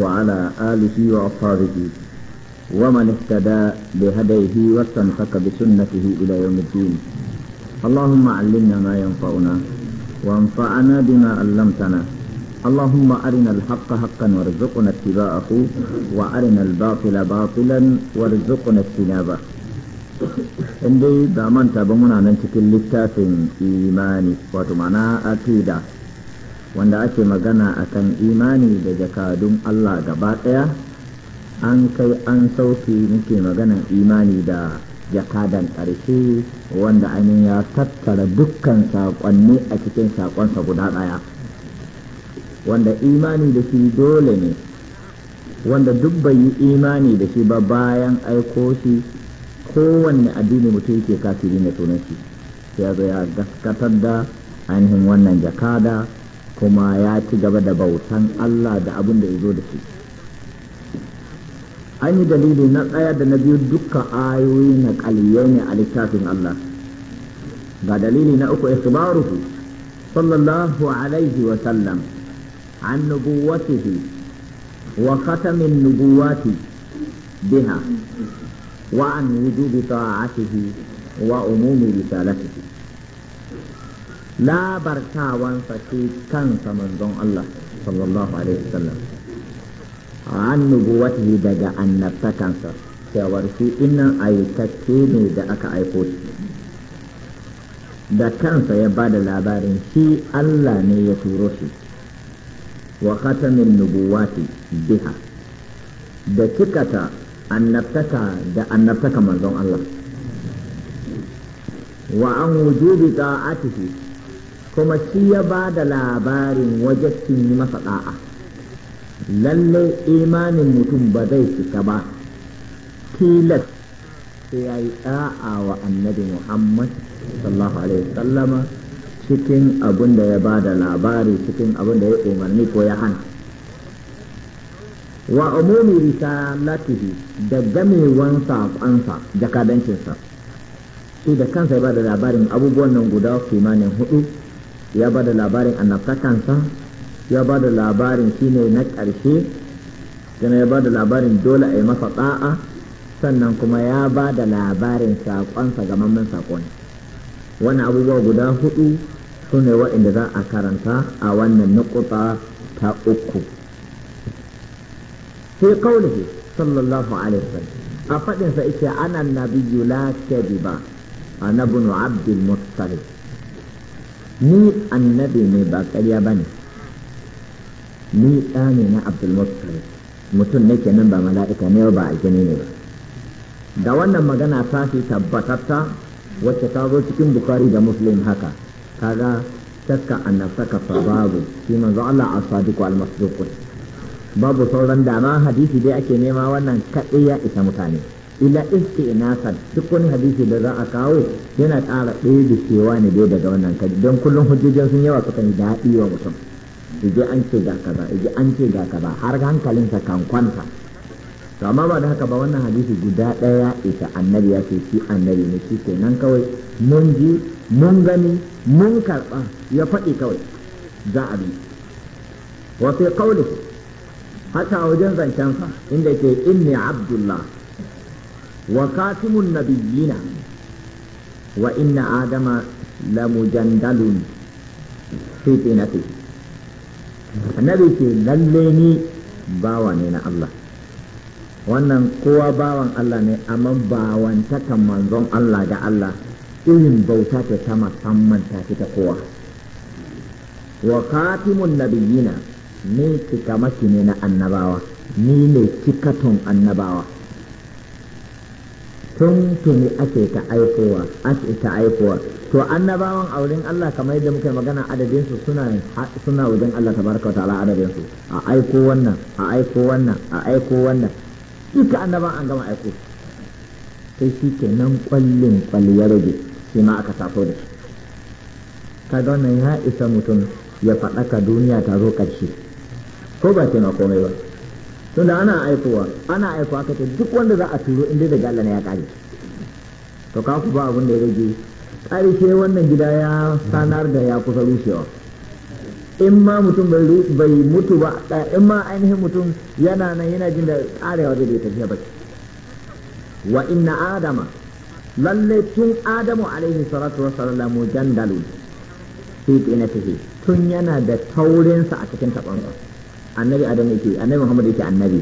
وعلى آله وأصحابه ومن اهتدى بهديه واستنفك بسنته إلى يوم الدين اللهم علمنا ما ينفعنا وانفعنا بما علمتنا اللهم أرنا الحق حقا وارزقنا اتباعه وأرنا الباطل باطلا وارزقنا اجتنابه عندي dai ba من ba muna إيماني cikin أكيدا wanda ake magana a kan imani da jakadun Allah gaba ɗaya an kai an sauke muke maganan imani da jakadan ƙarshe wanda ainihin ya tattara dukkan saƙonni a cikin saƙonsa guda ɗaya wanda imani da shi dole ne wanda duk bai yi imani da shi ba bayan aiko shi kowanne addini mutum yake kafiri na sunan shi ya zo ya gaskatar da ainihin wannan jakada kuma ya ci gaba da bautan Allah da abin da ya zo da shi an yi dalili na tsaya da na biyu duka ayoyi na kaliyai ne a littafin Allah ga dalili na uku isbaruhu sallallahu alaihi wa sallam an nubuwatihi wa khatamin nubuwati biha wa an wujubi ta'atihi wa umumi risalatihi labartawansa shi kansa manzon Allah sallallahu alaihi wasallam an nubuwatihi daga annabtakansa cewar shi innan aikace ne da aka aiko shi da kansa ya ba da labarin shi Allah ne ya turo shi wa khatamin nubuwati biha da cikata annabtaka da annabtaka manzon Allah wa an wujubi ta'atihi kuma shi ya ba da labarin wajen yi masa da'a lalle imanin mutum ba zai cika ba tilas sai ya yi da'a wa annabi muhammad sallallahu alaihi wasallama cikin abin da ya ba da labari cikin abin da ya umarni ko ya hana wa umumi risalatihi da gamewan saƙonsa jakadancinsa shi da kansa ya ba da labarin abubuwan nan guda kimanin hudu ya ba da labarin annabtakansa ya ba da labarin shine na ƙarshe sannan ya ba da labarin dole a yi masa ɗa'a sannan kuma ya ba da labarin saƙonsa ga mamman saƙon wani abubuwa guda hudu su ne waɗanda za a karanta a wannan nukuta ta uku sai kaulihi sallallahu alaihi wasallam a faɗinsa ita ana nabiyyu la kadiba anabnu abdul muttalib ni annabi ne ba ƙarya ba ne ni ɗa ne na abdulmuttalib mutum nake nan ba mala'ika ne ba aljani ne ba da wannan magana ta fi tabbatatta wacce ta zo cikin bukari da muslim haka kaga shakka annabtaka fa babu shi manzo Allah as-sadiq al babu sauran dama hadisi dai ake nema wannan kaɗai ya isa mutane ila istinasan duk wani hadisi da za a kawo yana ƙara ɗaya da cewa ne dai daga wannan kaji don kullum hujjojin sun yawa sukan yi daɗi wa mutum ije an ce ga kaza ije an ce ga kaza har hankalinsa kan kwanta to amma ba da haka ba wannan hadisi guda ɗaya ita annabi ya ce shi annabi ne shi kenan kawai mun ji mun gani mun karɓa ya faɗi kawai za a bi wasu ya qawlihi haka wajen zancensa inda ke inni abdullah wa katimun nabiyina wa inna adama la mujandalun fi tinati annabi ke lalle ni bawa ne na Allah wannan kowa bawan Allah ne amma bawantakan manzon Allah da Allah irin bauta ta ta musamman ta ta kowa wa katimun nabiyina ni kika maki ne na annabawa ni ne cikaton annabawa tuntuni ake ta aikowa ake ta aikowa to annabawan auren Allah kamar yadda muke magana adadin su suna suna wajen Allah tabaraka wa ta'ala adadin su a aiko wannan a aiko wannan a aiko wannan duka annabawan an gama aiko sai shi kenan kwallin kwalli ya rage shi ma aka tafo da shi kaga wannan ya isa mutum ya faɗaka duniya ta zo ƙarshe ko ba ke ma komai ba tunda ana aikowa ana aikowa ka ce duk wanda za a turo inda daga Allah ne ya kare to ka ku ba abin ya rage ƙarshe wannan gida ya sanar da ya kusa rushewa in ma mutum bai mutu ba in ma ainihin mutum yana nan yana jin da karewa zai tafiya ba wa inna adama lallai tun adamu alaihi salatu wassalam jandalu fi tsinatihi tun yana da taurinsa a cikin tabansa annabi adam yake annabi muhammad yake annabi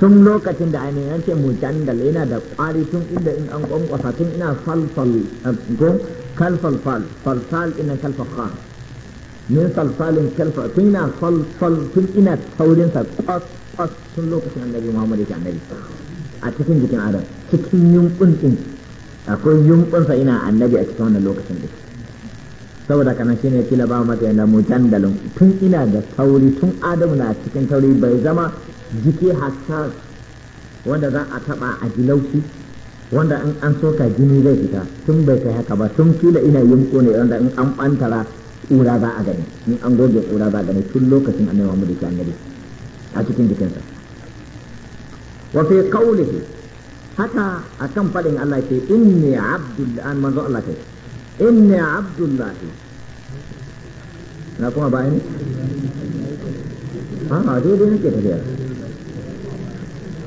tun lokacin da ainihin an ce mujandal yana da kwari tun inda in an kwankwasa tun ina falfal ko eh, kalfal fal falsal ina kalfal kha min falsalin kalfal tun ina falfal tun ina saurin sa kwas kwas tun lokacin annabi muhammad yake annabi a cikin jikin adam cikin yunkun din akwai yunkun sa ina annabi a cikin wannan lokacin din saboda kana ne kila ba mata yana mujandalin tun ina da tauri tun adamu na cikin tauri bai zama jiki hasa wanda za a taba a jilauci wanda in an soka jini zai fita tun bai kai haka ba tun kila ina yunko ne wanda in an bantara ƙura za a gani in an goge ƙura za a gani tun lokacin annabi Muhammad ke annabi a cikin jikinsa wa fi qawlihi haka akan fadin Allah ce inni abdul an manzo Allah kai إني عبد الله نكون باين ها دي دي كده يا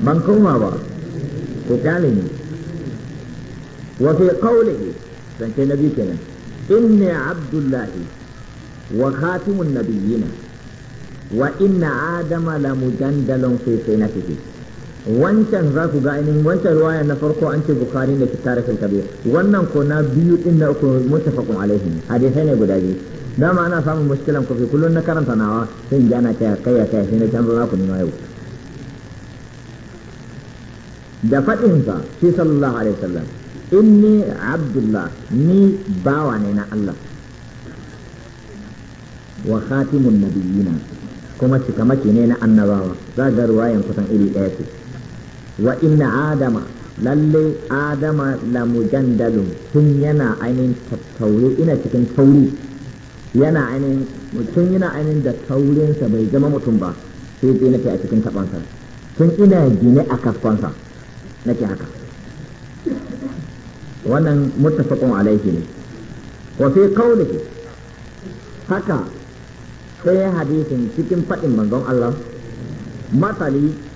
من كما با وكاليني وفي قوله كان نبي كده إني عبد الله وخاتم النبيين وإن آدم لمجندل في سنته wancan za ku ga ainihin wancan ruwaya na farko an ce bukari da kitarikul kabir wannan ko na biyu din na uku mutafakun alaihi hadisai ne guda biyu dama ana samun mushkilan kofi kullum na karanta nawa sai in jana ta kai kai shi ne canza za ku nima yau da faɗinsa shi sallallahu alaihi wasallam inni abdullah ni bawa ne na Allah wa khatimun nabiyina kuma cikamaki ne na annabawa za ga ruwayan kusan iri ɗaya ce wa inna adama lalle adama la mujandalun tun yana ainihin tattaure ina cikin tauri yana ainihin mutum yana ainihin da taurinsa bai zama mutum ba sai dai nake a cikin tabansa tun ina gine a kaskonsa nake haka wannan muttafaqun alaihi ne wa fi qawlihi haka sai hadisin cikin faɗin manzon Allah matsali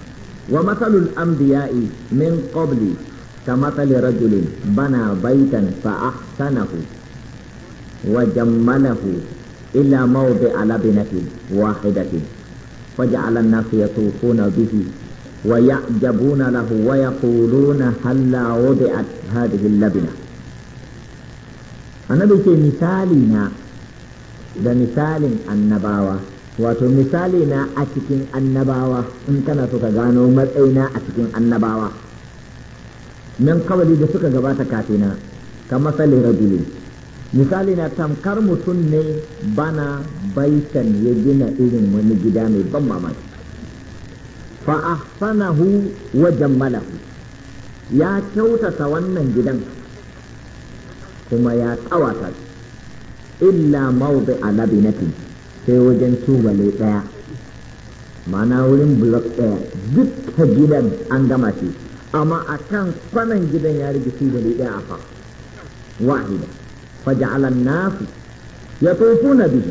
wa masalul anbiya'i min qabli كمثل رجل بنى بيتا فأحسنه وجمله إلى موضع لبنة واحدة فجعل الناس يطوفون به ويعجبون له ويقولون هلا وضعت هذه اللبنة أنا بشي مثالنا ده مثال النباوة wato misali na a cikin annabawa in kana suka gano matsayina a cikin annabawa min kawali da suka gabata kafina ka masali rajulin misali na tamkar mutum ne bana baitan ya gina irin wani gida mai ban mamaki fa ahsanahu wa jammalahu ya kyautata wannan gidan kuma ya tsawata illa mawdi a labinatin sai wajen tubale ɗaya mana wurin blok ɗaya dukkan gidan an gama shi amma a kan kwanan gidan ya rage tubale ɗaya a fa wahida faja'alan nasu ya na bihi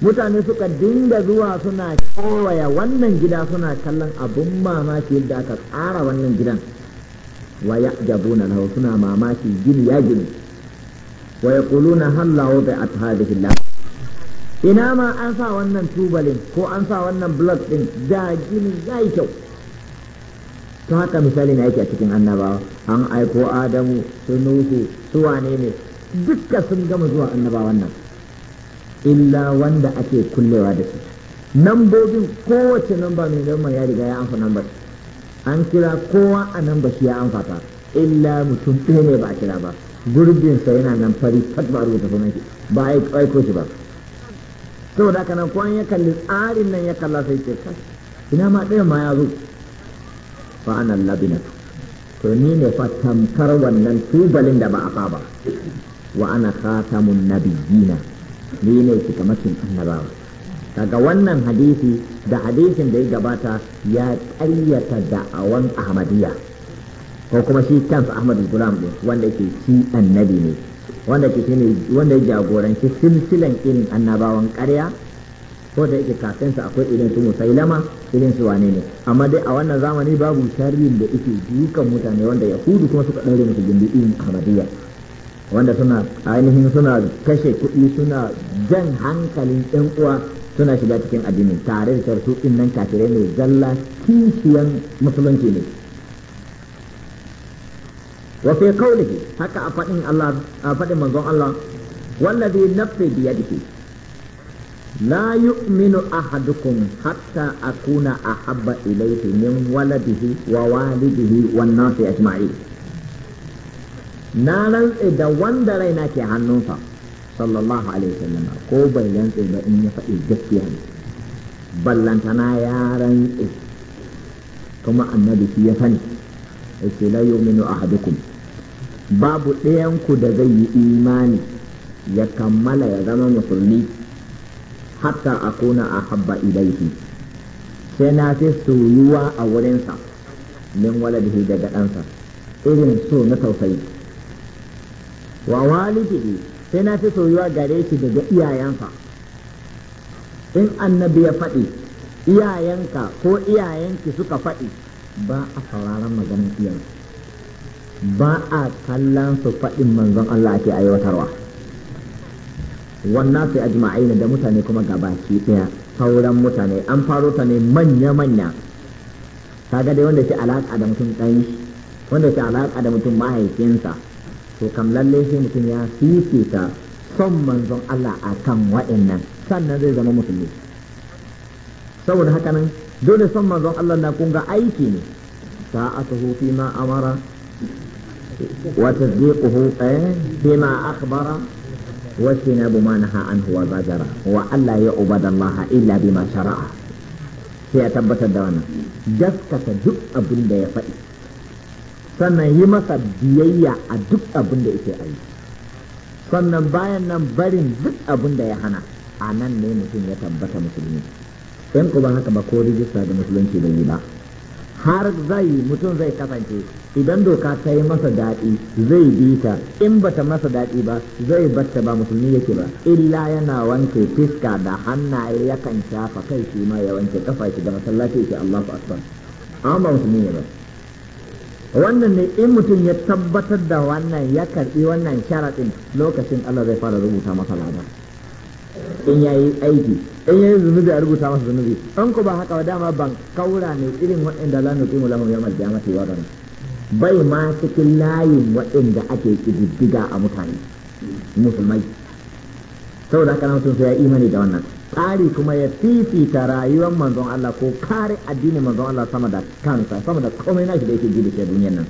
mutane suka dinga zuwa suna kowaya wannan gida suna kallon abun mamaki yadda aka tsara wannan gidan wa ya jabuna lahu suna mamaki gini ya gini wa bai a ta at hadhihi ina ma an sa wannan tubalin ko an sa wannan blog din da gini ya yi kyau ta haka misali na yake a cikin annabawa an aiko adamu su nuhu su wane ne dukka sun gama zuwa annabawan nan illa wanda ake kullewa da su nambobin kowace namba mai ya riga ya amfa nambar an kira kowa a namba shi ya amfa illa mutum ɗaya ne ba a kira ba gurbinsa yana nan fari fat ba a rubuta sunan shi ba a aiko shi ba saboda haka nan kwan ya kalli tsarin nan ya kalla sai ce kai ina ma ɗaya ma ya zo fa anan labinatu to ni ne fa tamkar wannan tubalin da ba a fa ba wa ana khatamun nabiyina ni ne cikamakin annabawa daga wannan hadisi da hadisin da ya gabata ya ƙaryata da'awan ahmadiyya ko kuma shi kansa ahmad gulam ɗin wanda ke ci annabi ne wanda ke shine wanda ya jagoranci silsilan irin annabawan ƙarya ko da yake kafin sa akwai irin su musailama irin su wane ne amma dai a wannan zamani babu tarihin da yake dukan mutane wanda yahudu kuma suka ɗaure musu gindi irin ahmadiyya wanda suna ainihin suna kashe kuɗi suna jan hankalin ɗan uwa suna shiga cikin addini tare da cewa su nan kafirai ne zalla kishiyan musulunci ne wa fi qawlihi haka a fadin Allah a fadin manzon Allah wallazi nafsi bi yadihi la yu'minu ahadukum hatta akuna ahabba ilayhi min waladihi wa walidihi wan nasi ajma'in na rantse da wanda raina ke hannunsa sallallahu alaihi wasallam ko bai rantse ba in ya faɗi gaskiya ne ballantana ya rantse kuma annabi shi ya sani yake la yu'minu ahadukum babu ɗayanku da zai yi imani ya kammala ya zama musulmi hatta a kuna a habba ilaihi sai na fi soyuwa a wurinsa min waladihi daga ɗansa irin so na tausayi wa walidihi sai na fi soyuwa gare shi daga iyayensa in annabi ya faɗi iyayenka ko iyayenki suka faɗi ba a sauraron maganin iyayenka ba a kallon su faɗin manzon Allah ake aiwatarwa wannan sai ajma'ai da mutane kuma gabaki ɗaya sauran mutane an faro ta ne manya-manya kaga dai wanda shi alaƙa da mutum ɗan wanda shi alaƙa da mutum mahaifinsa to kam lalle shi mutum ya ta son manzon Allah a kan waɗannan sannan zai zama musulmi saboda haka nan dole son manzon Allah na kunga aiki ne sa'atuhu fi ma amara وتصديقه فيما أخبر واجتناب ما نهى عنه وزجر وألا يعبد الله إلا بما شرع sai ya tabbatar da wannan gaskata duk abin ya faɗi sannan yi masa biyayya a duk abinda da yake sannan bayan nan barin duk abin ya hana a nan ne mutum ya tabbata musulmi in ku ba haka ba ko rijista da musulunci da yi ba har zai mutum zai kasance idan doka ta yi masa daɗi zai bi ta in bata masa daɗi ba zai bata ba musulmi yake ba illa yana wanke fiska da hannaye yakan shafa kai shi ma ya wanke kafa shi da masallaci yake Allahu akbar amma musulmi ne ba wannan ne in mutum ya tabbatar da wannan ya karbi wannan sharaɗin lokacin Allah zai fara rubuta masa lada in ya yi aiki in ya yi zunubi a rubuta masa zunubi an ku ba haka dama ban kaura ne irin waɗanda la nuti mu lahu yawmal qiyamati wa bai ma cikin layin waɗanda ake kididdiga a mutane musulmai saboda haka nan sun ya imani da wannan tsari kuma ya fifita rayuwar manzon Allah ko kare addinin manzon Allah sama da kansa sama da komai shi da yake gidi duniyar nan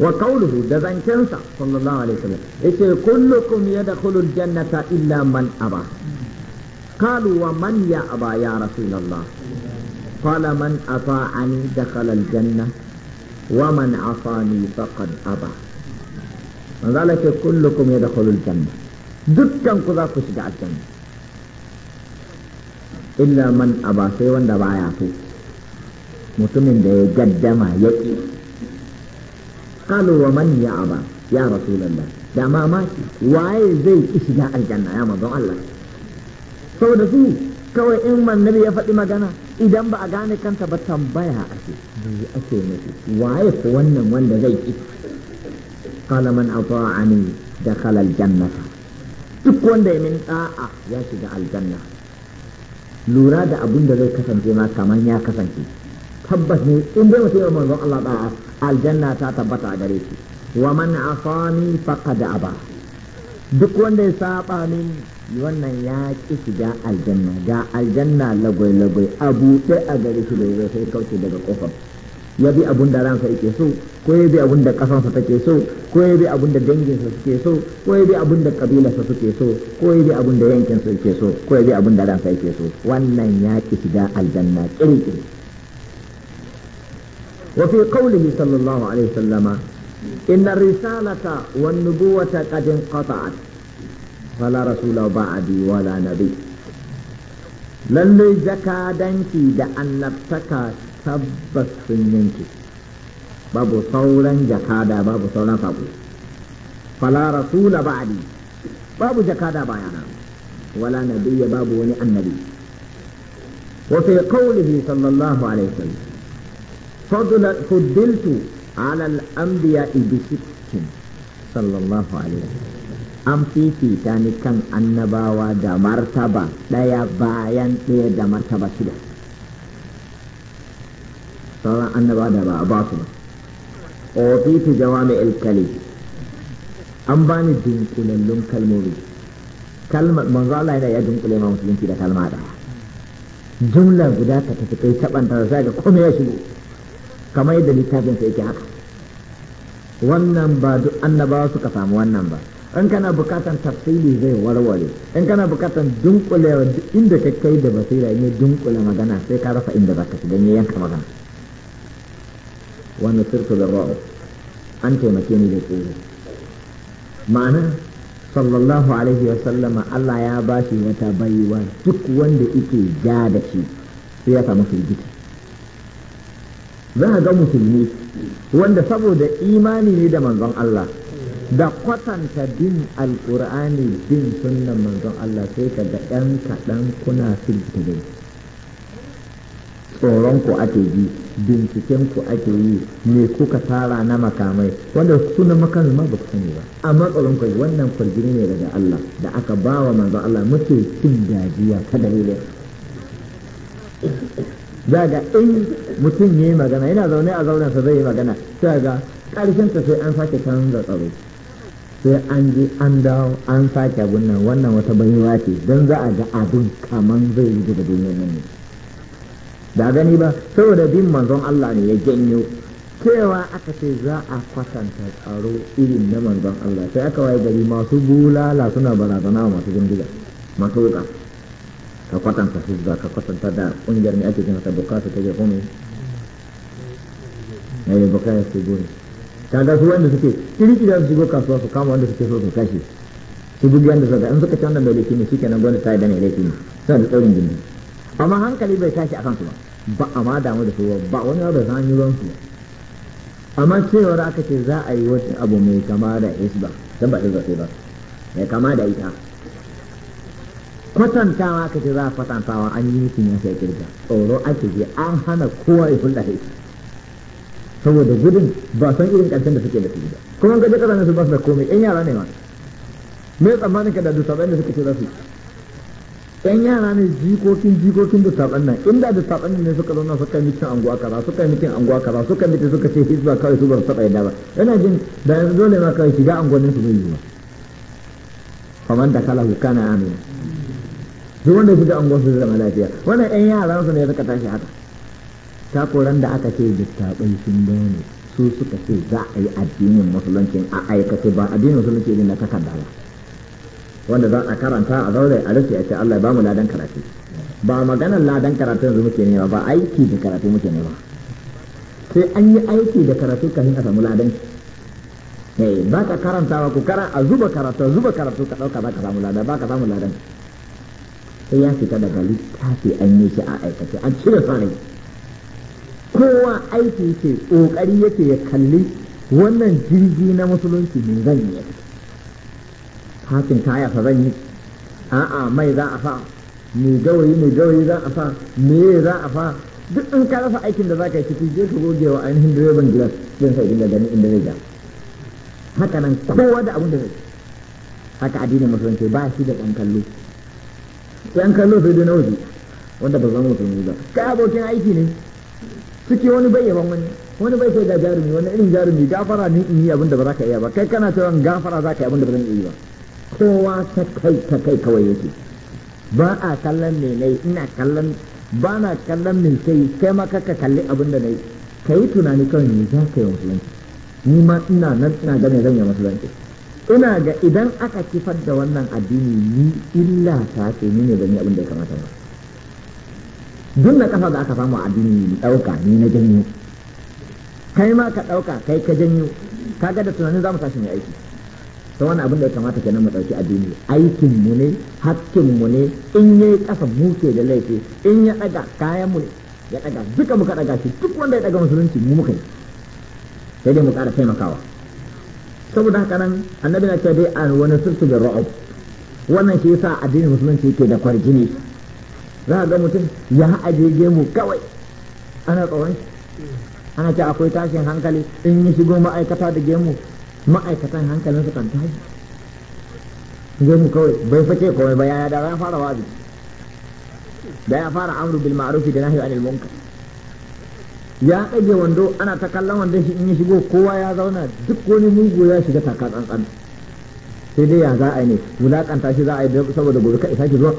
wa qawluhu da zancensa sallallahu alaihi wasallam yace kullukum yadkhulul jannata illa man aba qalu wa man ya aba ya rasulullah qala man ata'ani dakhala al janna wa man asani faqad aba manzo Allah ce kullukum yadkhulul janna dukkan ku za ku shiga aljanna illa man aba sai wanda baya so mutumin da ya gaddama ya ƙi قالوا ومن يعبى يا رسول الله da mamaki zai ki shiga aljanna ya manzon Allah saboda su kawai in mannabi ya faɗi magana idan ba a gane kanta ba tambaya ake me ake nufi waye ko wannan wanda zai ki qala duk wanda ya min da'a ya shiga aljanna lura da abin da zai kasance ma kamar ya kasance tabbas ne in dai mutum ya manzon Allah aljanna ta tabbata a gare shi wa man asani faqad aba duk wanda ya saba min wannan ya ki shiga aljanna ga aljanna lagwai lagwai abu ta a gare shi da sai kauce daga kofar ya bi abun da ransa yake so ko ya bi abun da kasansa take so ko ya bi abun da danginsa suke so ko ya bi abun da kabilarsa suke so ko ya bi abun da yankinsa yake so ko ya bi abun da ransa yake so wannan ya ki shiga aljanna kirkiri وفي قوله صلى الله عليه وسلم إن الرسالة والنبوة قد انقطعت فلا رسول بعدي ولا نبي لن زكا دانكي دأن نبتكى نفسك تبت في بابو صولا زكا بابو صولا فابو فلا رسول بعدي بابو زكا دا بايانا ولا نبي بابو ولي النبي وفي قوله صلى الله عليه وسلم فضل فضلت على الأنبياء بست صلى الله عليه وسلم an fifita ni kan annabawa da martaba ɗaya bayan ɗaya da martaba shida sauran annabawa da ba a ba su ba ofitu jawami ilkali an ba ni dunkulallun kalmomi kalmar manzo Allah yana ya dunkule ma musulunci da kalma ɗaya jumla guda ka tafi kai taɓanta da ga kome ya shigo kamar yadda littafin sa yake haka wannan ba duk annabawa suka samu wannan ba in kana bukatan tafsiri zai warware in kana bukatan dunkule inda ka kai da basira ne dunkule magana sai ka rasa inda zaka shiga ne yanka magana wannan sirtu da ra'u an taimake ni da tsoro ma'ana sallallahu alaihi wa sallama Allah ya bashi wata baiwa duk wanda yake ja da shi sai ya samu firgita za a ga musulmi wanda saboda imani ne da manzon Allah da kwatanta bin alkur'ani bin sunnan manzon Allah sai ka ga ɗan kaɗan kuna filfilin tsoron Tsoronku ake yi bincikenku ake yi me kuka tara na makamai wanda sunan makamai ma ba ku sani ba amma tsoron ku wannan kwargini ne daga Allah da aka ba wa manzon Allah muke cin dajiya ta dalilin za ga in mutum ya yi magana yana zaune a sa zai yi magana sai ga ta sai an sake canza tsaro sai an je an dawo an sake abun nan wannan wata baiwa ce don za a ga abin kaman zai yi daga duniyar nan ne da gani ba saboda bin manzon Allah ne ya janyo cewa aka ce za a kwatanta tsaro irin na manzon Allah sai aka waye gari masu bulala suna barazana masu bindiga masu wuka ka kwatanta hizba ka kwatanta da ƙungiyar ne ake jinata bukatu ta ke kome na yi bukatu su gori ga su wanda suke kiriki za su shigo kasuwa su kama wanda suke so su kashe su duk yanda suka in suka canza mai bai laifi ne shi kenan gwamnati ta yi da ne laifi ne suna da tsaurin jini amma hankali bai tashi a kansu ba ba a ma damu da su ba wani abu da yi ruwan amma cewar aka ce za a yi wata abu mai kama da Hizba. dan ba hisba sai ba mai kama da ita kwatantawa ka ce za a kwatantawa an yi mutum ya sai kirga tsoro ake je an hana kowa ya hulɗa shi saboda gudun ba san irin ƙarshen da suke da su ba kuma ga jikar ne su ba su da komai yan yara ne ma me tsammanin ka da dusaɓen da suka ce za su yan yara ne jikokin jikokin dusaɓen nan inda dusaɓen ne suka zauna suka yi mitin anguwa kaza suka yi mitin anguwa kaza suka yi suka ce hizba kawai su ba su taɓa yadda ba yana jin da yanzu dole ma kawai shiga anguwannin su zai yi ba kamar da kala hukana amina duk wanda da angon su zama lafiya wannan ɗan yara su ne suka tashi haka takoran da aka ce jittaɓai sun gane su suka ce za a yi addinin musulunci a aikace ba addinin musulunci ne na takarda ba wanda za a karanta a zaure a rufe a ce Allah ba mu ladan karatu ba maganar ladan karatu yanzu muke nema ba aiki da karatu muke nema sai an yi aiki da karatu kafin a samu ladan eh, ba ka karantawa ku kara a zuba karatu zuba karatu ka dauka ba ka samu ladan ba ka samu ladan sai ya fita daga littafi an yi shi a aikace an cire sarai kowa aiki yake kokari yake ya kalli wannan jirgi na musulunci ne zan yi hakin kaya fa zan yi a'a mai za a fa mai gawayi mai gawayi za a fa me za a fa duk in ka rasa aikin da za ka yi ciki je ka goge wa ainihin direban glass zan sai inda gani inda zai ga haka nan kowa da abin da zai haka addinin musulunci ba shi da ɗan kallo yan kallo sai dai na waje wanda ba zama musulmi ba ka abokin aiki ne suke wani bayyaban wani wani bai sai ga jarumi wani irin jarumi gafara ni in yi abin da ba za ka iya ba kai kana cewa gafara za ka yi abin da ba zan iya ba kowa ta kai ta kai kawai yake ba a kallon me nai ina kallon ba na kallon me sai kai ma ka kalli abin da nai kai tunani kawai ne za ka yi musulunci ni ma ina nan ina gane zan yi musulunci ina ga idan aka kifar da wannan addini ni illa ta ce ni ne ban yi abin da ya kamata ba duk na kafa da aka samu addini ni ɗauka ni na janyo kai ma ka ɗauka kai ka janyo ka ga da tunanin za mu tashi mai aiki to wani abin da ya kamata kenan mu ɗauki addini aikin mu ne hakkin mu ne in yayi mu muke da laifi in ya ɗaga kayan mu ya ɗaga duka muka ɗaga shi duk wanda ya ɗaga musulunci mu muka yi sai dai mu ƙara taimakawa saboda haka nan annabi na ce dai a wani sirtu da ra'ub wannan shi yasa addinin musulunci yake da kwarjini za a ga mutum ya aje gemu kawai ana tsoron ana ce akwai tashin hankali in yi shigo ma'aikata da gemu ma'aikatan hankalin su kan tashi gemu kawai bai fake kawai ba ya da ya fara wazi da ya fara amru bil ma'ruf da nahyi anil munkar ya ɗage wando ana ta kallon wando shi in ya shigo kowa ya zauna duk wani mugu ya shiga taka tsantsan sai dai ya za a yi ne wulaƙanta shi za a yi saboda gobe kai sake zuwa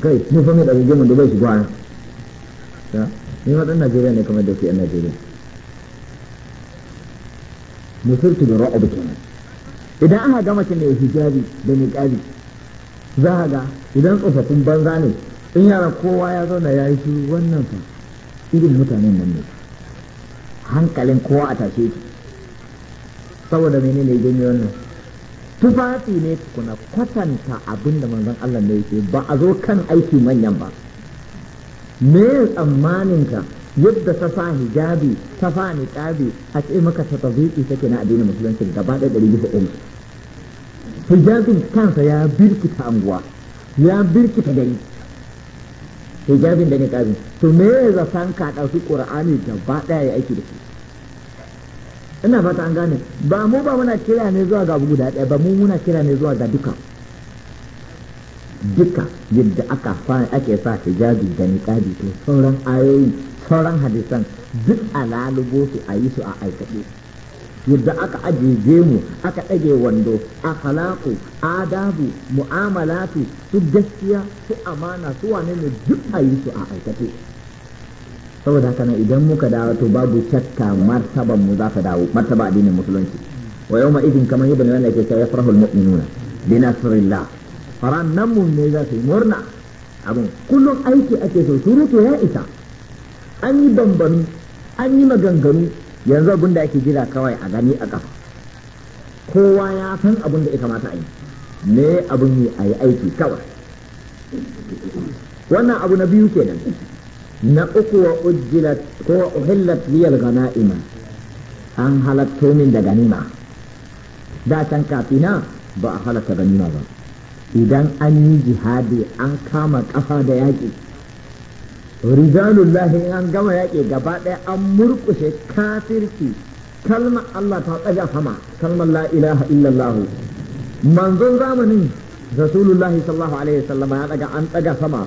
kai ni fa mai ɗaga wando bai shigo a ne ni Najeriya ne kamar da ke yan Najeriya musulci da ra'a bikin idan aka ga mace mai hijabi da niqabi za a ga idan tsofaffin banza ne in yara kowa ya zauna ya yi shi wannan fa irin mutanen nan ne hankalin kowa a tashe shi saboda mene ne gani wannan tufafi ne kuna kwatanta abin da manzon Allah ne yake ba a zo kan aiki manyan ba me tsammaninka yadda ta sa hijabi ta sa niqabi a ce maka ta tabiki take na addinin musulunci gaba da ɗari bisa ɗari hijabin kansa ya birkita anguwa ya birkita gari hijabin da niqabin to me ya zasan ka ɗauki qur'ani gaba ɗaya ya aiki da shi ina fata an gane ba mu ba muna kira ne zuwa ga guda ɗaya ba mu muna kira ne zuwa ga duka duka yadda aka fara ake sa hijabi da niqabi to sauran ayoyi sauran hadisan duk alalubo su a yi su a aikace yadda aka ajiye mu aka ɗage wando akhlaku adabu mu'amalatu su gaskiya su amana su wane ne duk a yi su a aikace saboda haka na idan muka dawo to babu shakka martaban mu za ta dawo martaba addinin musulunci wa yawma idin kamar ibn wanda yake cewa yafrahul mu'minuna bi nasrillah faran nan mu ne za su murna abin kullum aiki ake so surutu ya isa an yi bambami an yi maganganu yanzu abun da ake jira kawai a gani a kafa kowa ya san abunda ita mata kamata a yi me abin yi a yi aiki kawai wannan abu na biyu kenan na uku wa ujjilat ko uhillat liyal ganaima an halatto min da ganima da can kafina ba a halatta ganima ba idan an yi jihadi an kama kafa da yaƙi rijalullahi an gama yaƙi gaba ɗaya an murƙushe kafirci kalma Allah ta tsaga sama kalmar la ilaha illallah manzon zamanin rasulullahi sallallahu alaihi wasallam ya daga an tsaga sama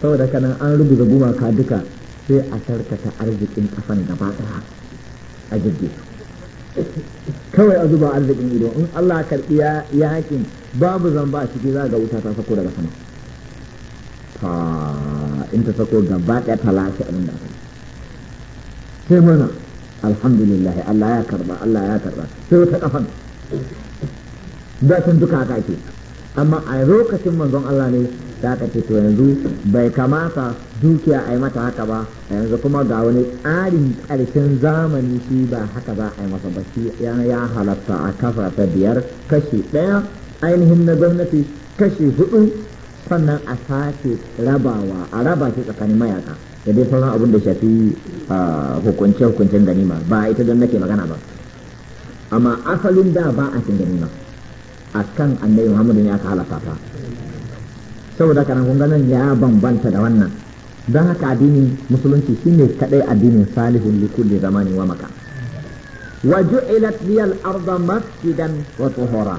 saboda kana an rubuta gumaka duka sai a tarkata arzikin kafan gaba ɗaya a jirgi kawai a zuba arzikin ido in Allah karɓi yakin babu zamba a ciki za ga wuta ta sako daga sama Ah, in ta sako gaba ɗaya talashi abin da sai mana alhamdulillah Allah ya karba Allah ya karba sai wata kafan da sun duka haka ke amma a lokacin manzon Allah ne za ka ce to yanzu bai kamata dukiya a yi mata haka ba a yanzu kuma ga wani tsarin ƙarshen zamani shi ba haka za a yi masa ba shi ya halatta a kafa ta biyar kashi ɗaya ainihin na gwamnati kashi hudu sannan a sake rabawa a raba shi tsakanin mayaka da dai sauran abin da shafi hukunce hukuncen ganima ba ita don nake magana ba amma asalin da ba a cin ganima a kan annabi muhammadu ne aka halaka ta saboda kana kun ya bambanta da wannan don haka addini musulunci shine kadai addinin salihun li kulli zamanin wa maka wa ju'ilat liyal arda masjidan wa tuhura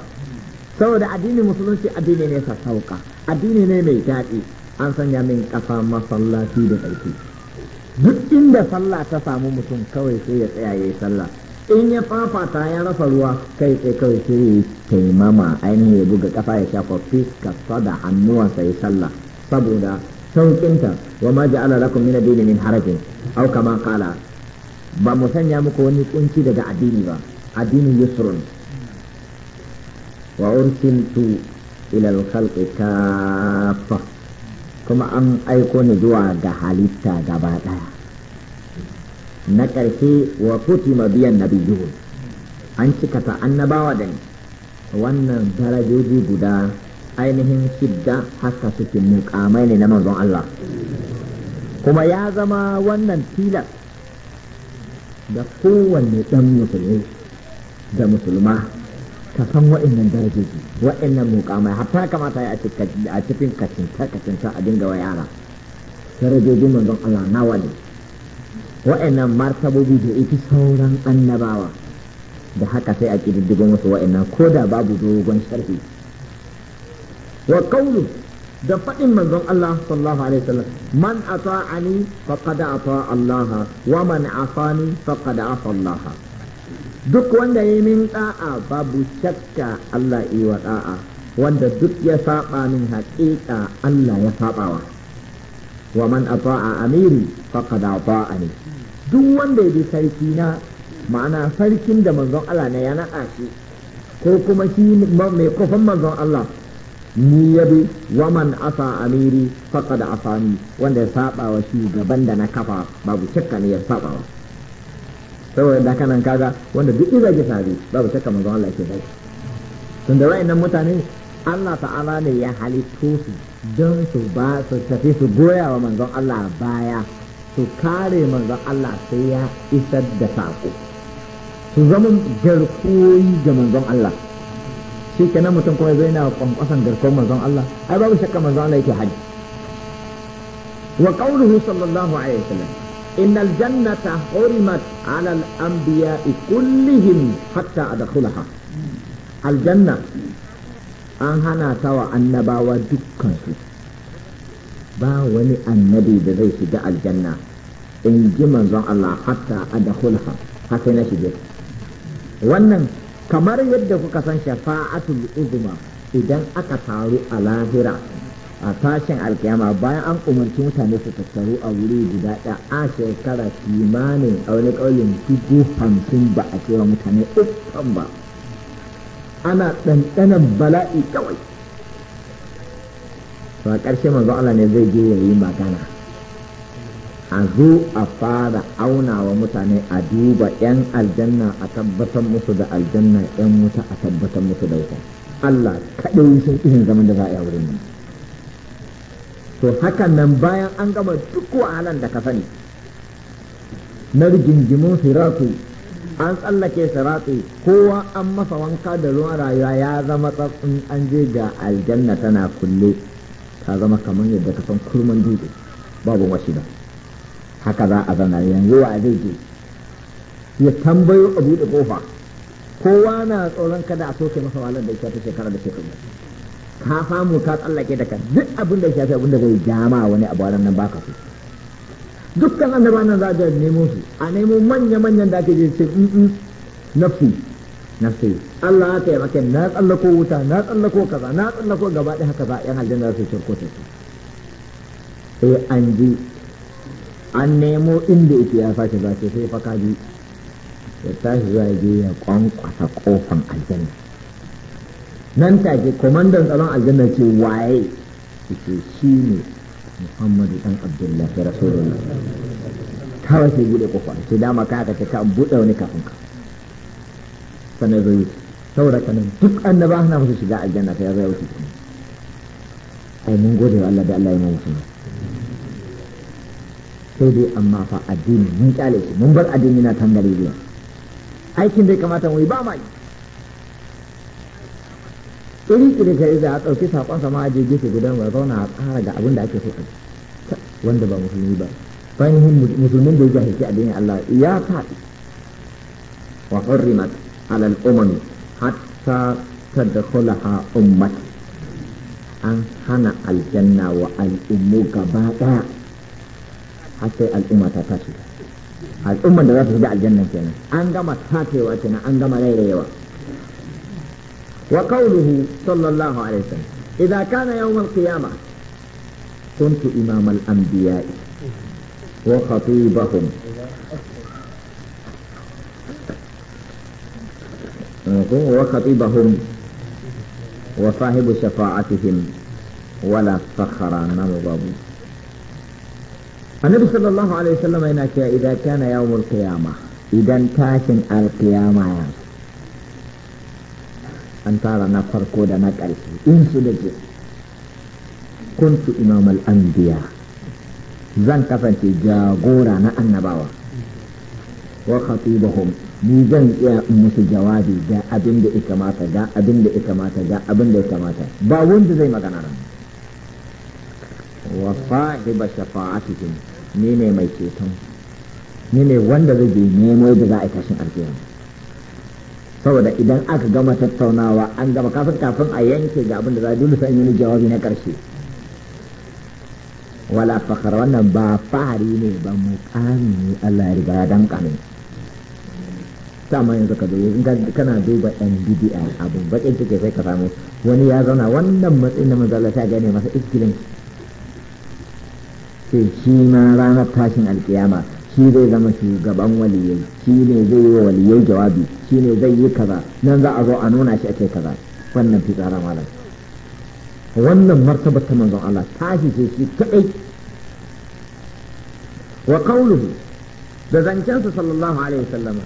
saboda addinin musulunci addini ne sa sauka addini ne mai daɗi an sanya min kafa masallaci da ƙarfi duk inda sallah ta samu mutum kawai sai ya tsaya ya yi sallah in ya fafata ya rasa ruwa kai sai kawai sai ya taimama ainihin ya buga kafa ya sha shafa ka da hannuwansa ya sallah saboda sauƙinta wa ma ala lakum min addini min harajin au kama kala ba mu sanya muku wani kunci daga addini ba addini yusrun wa ursiltu ilal khalqi kaffa kuma an aiko ni zuwa ga halitta gaba daya na ƙarshe wa ma biyan nabiyuhu an cika ta annabawa da ni wannan darajoji guda ainihin shidda haka suke mukamai ne na manzon Allah kuma ya zama wannan tilas da kowanne ɗan musulmi da musulma ka san wa'annan darajoji wa'annan mukamai hatta kamata ya a cikin kacinta kacinta a dinga wa yara darajojin manzon Allah nawa ne wa'annan martabobi da ita sauran annabawa da haka sai a kididdigo wasu wa'annan ko da babu dogon sharhi wa qawlu da faɗin manzon Allah sallallahu alaihi wasallam man ata'ani faqad ata'a Allah wa man afani faqad afa Allah duk wanda ya min da'a babu shakka Allah yi wa da'a wanda duk ya saba min haƙiƙa Allah ya sabawa wa man ata'a amiri faqad ni. duk wanda ya bi sarki na ma'ana sarkin da manzon Allah ne ya naɗa shi ko kuma shi mai kofan manzon Allah ni ya bi wa man asa amiri faqad ni. wanda ya saba wa shi gaban da na kafa babu shakka ne ya saba wa saboda da kanan kaga wanda duk iza ki sabi babu shakka manzo Allah ke bai tun da wayannan mutane Allah ta'ala ne ya halitto su don su ba su tafi su goya wa manzon Allah baya su kare manzon Allah sai ya isar da saƙo su zama garkuwoyi ga manzon Allah shi kenan mutum kuma zai na kwankwasan garkon manzon Allah ai babu shakka manzon Allah yake hajji wa qauluhu sallallahu alaihi wasallam إن الجنة حرمت على الأنبياء كلهم حتى أدخلها الجنة أنهنا سوى النبا ودكا با وني النبي بذي شجاء الجنة إن جمن الله حتى أدخلها حتى نشجد wannan kamar yadda kuka san shafa'atul uzma idan aka taru a lahira a fashin alkiyama bayan an umarci mutane su tattaru a wuri guda ɗaya a shekara kimanin a wani ƙauyen dubu hamsin ba a cewa mutane uffan ba ana ɗanɗanan bala'i kawai to a ƙarshe manzo Allah ne zai je yayi magana a zo a fara aunawa mutane a duba 'yan aljanna a tabbatar musu da aljanna 'yan wuta a tabbatar musu da wuta Allah kaɗai sun irin zaman da za a yi a wurin nan to hakan nan bayan an gama duk wahalan da ka sani na rigingimin siratu an tsallake siratu kowa an masa wanka da ruwan rayuwa ya zama tsatsun an je ga aljanna tana kulle ta zama kamar yadda ka san kurman dutse babu wasu ba haka za a zana yanzu wa zai je ya tambayo a buɗe kofa kowa na tsoron kada a soke masa walar da ita ta shekara da shekaru ka samu ka tsallake da kan duk abin da shafi abin da zai jama wani abu nan baka su dukkan annaba nan za a nemo su a nemo manya-manyan da ake je fi mm, mm, nafsi nafsi Allah ya taimake na tsallako wuta na tsallako kaza na tsallako gaba ɗaya haka ba yan aljanna su shirko ta su sai an ji an nemo inda yake ya sace ba sai fa ya tashi zuwa ya je ya kwankwasa kofan aljanna nan take komandan tsaron aljanna ce waye ce shi ne muhammadu dan abdullahi rasulullah kawai ke bude kofa ce dama ka aka ce ka buɗe wani kafin ka sanar zai saboda kanan duk annaba na musu shiga aljanna sai zai wuce kuma ai mun gode wa Allah da Allah ya mu musulma sai dai amma fa addini mun kyale shi mun bar addini na tangare biya aikin dai kamata mu yi ba ma yi iri iri ka yi za a ɗauki saƙon sama a jirgin su gudan ba zauna a ƙara ga abin da ake so wanda ba musulmi ba fahimhin musulmin da ya jahilci addinin Allah ya faɗi wa hurrimat alal umami hatta tadkhulaha ummat an hana aljanna wa al'ummu gaba ɗaya har sai al'umma ta tashi al'umman da za su shiga aljannan kenan an gama tatewa kenan an gama rairayewa وقوله صلى الله عليه وسلم إذا كان يوم القيامة كنت إمام الأنبياء وخطيبهم وخطيبهم وصاحب شفاعتهم ولا فخران مضاب النبي صلى الله عليه وسلم إذا كان يوم القيامة إذا كان القيامة يعني an tara na farko da na ƙarshe in su da ke kuntu imam al'ambiya zan kasance jagora na annabawa wa khatibahum ni zan iya musu jawabi ga abin da ya kamata ga abin da ya kamata ga abin da ya kamata ba wanda zai magana nan wa sahiba shafa'atihim ni ne mai ceton ni ne wanda zai bi nemo da za a yi tashin alƙiyama saboda idan aka gama tattaunawa an gama kafin kafin a yanke ga abin da za dole sai yi jawabi na karshe wala fakhar wannan ba fahari ne ba muƙami ne Allah ya riga ya danka ne sama yanzu ka zo kana duba yan bidi'a abu bakin cike sai ka samu wani ya zauna wannan matsayin da manzo Allah ta gane masa iskilin sai shi ma ranar tashin alkiyama shi zai zama shugaban waliyai shi ne zai yi wa waliyai jawabi shi ne zai yi kaza nan za a zo a nuna shi a ce kaza wannan fi tsara malam wannan martabar ta manzon Allah shi ce shi kadai wa qawluhu da zancensa sallallahu alaihi wasallama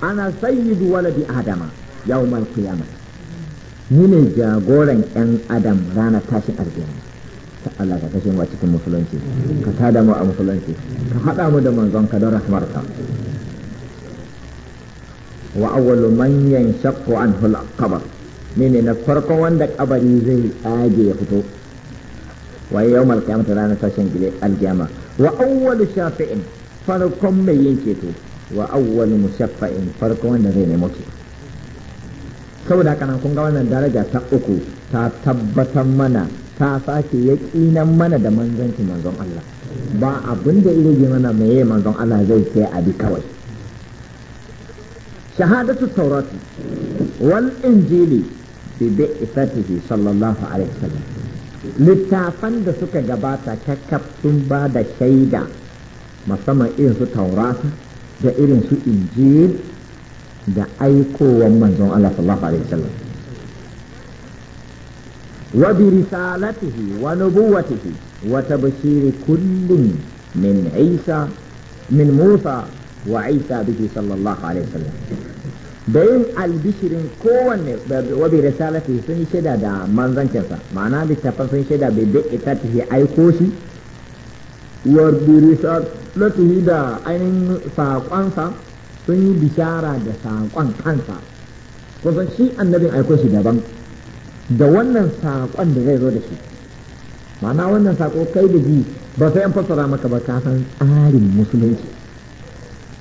ana sayyidu waladi adama yawmal qiyamah ni ne jagoran yan adam ranar tashin arziki Allah ka kashe mu a cikin musulunci ka tada mu a musulunci ka haɗa mu da manzon ka don rahmarka wa awwalu man yanshaqu anhu al-qabr ne ne na farkon wanda kabari zai tsage ya fito wa yawmal qiyamati ranar tashin gile al-qiyama wa awwalu shafi'in farkon mai yin ceto wa awwalu mushaffa'in farkon wanda zai nemo ki. saboda kana kun ga wannan daraja ta uku ta tabbatar mana ta sake ya kinan mana da manzanci manzon Allah ba abin da ya mana mai yi manzon Allah zai sai a bi kawai shahadatu taurati wal injili bi bi'ithatihi sallallahu alaihi wasallam littafan da suka gabata kakkaf sun ba da shaida musamman irin su taurata da irin su injil da aikowan manzon Allah sallallahu alaihi wasallam وبرسالته ونبوته وتبشير كل min عيسى من موسى وعيسى به صلى الله عليه وسلم bayan albishirin kowanne wa bi risalati sun shaida da manzancinsa ma'ana littafin sun shaida bai da ita ta aiko shi wa bi risalati da ainihin saƙonsa sun yi bishara da saƙon kansa kusan shi annabin aiko shi daban da wannan saƙon da zai zo da shi ma'ana wannan saƙo kai da ji ba sai an fassara maka ba ka san tsarin musulunci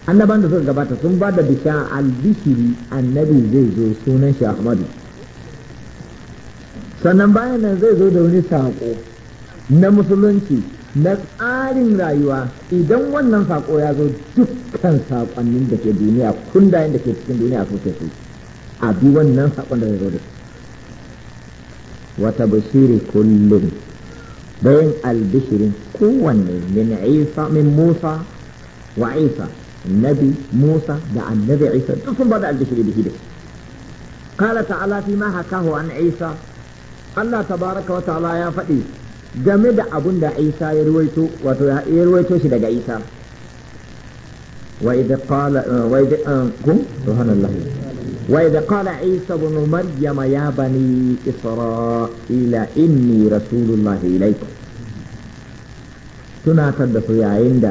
annaban da suka gabata sun ba da bisha albishiri annabi zai zo sunan shi ahmadu sannan bayan nan zai zo da wani saƙo na musulunci na tsarin rayuwa idan wannan saƙo ya zo dukkan saƙonnin da ke duniya kundayen da ke cikin duniya sosai su a bi wannan saƙon da zai zo da shi wata bashiri kullum bayan yin albishirin kowanne min musa wa isa nabi musa da annabi isa duk sun bada albishiri da shi قال تعالى فيما حكاه عن عيسى Allah tabaraka wa ta'ala ya faɗi game da abun da Isa ya ruwaito shi daga Isa wa idh eh, kun subhanallahi وإذا قال عيسى بن مريم يا بني إسرائيل إني رسول الله إليكم tunatar da su yayin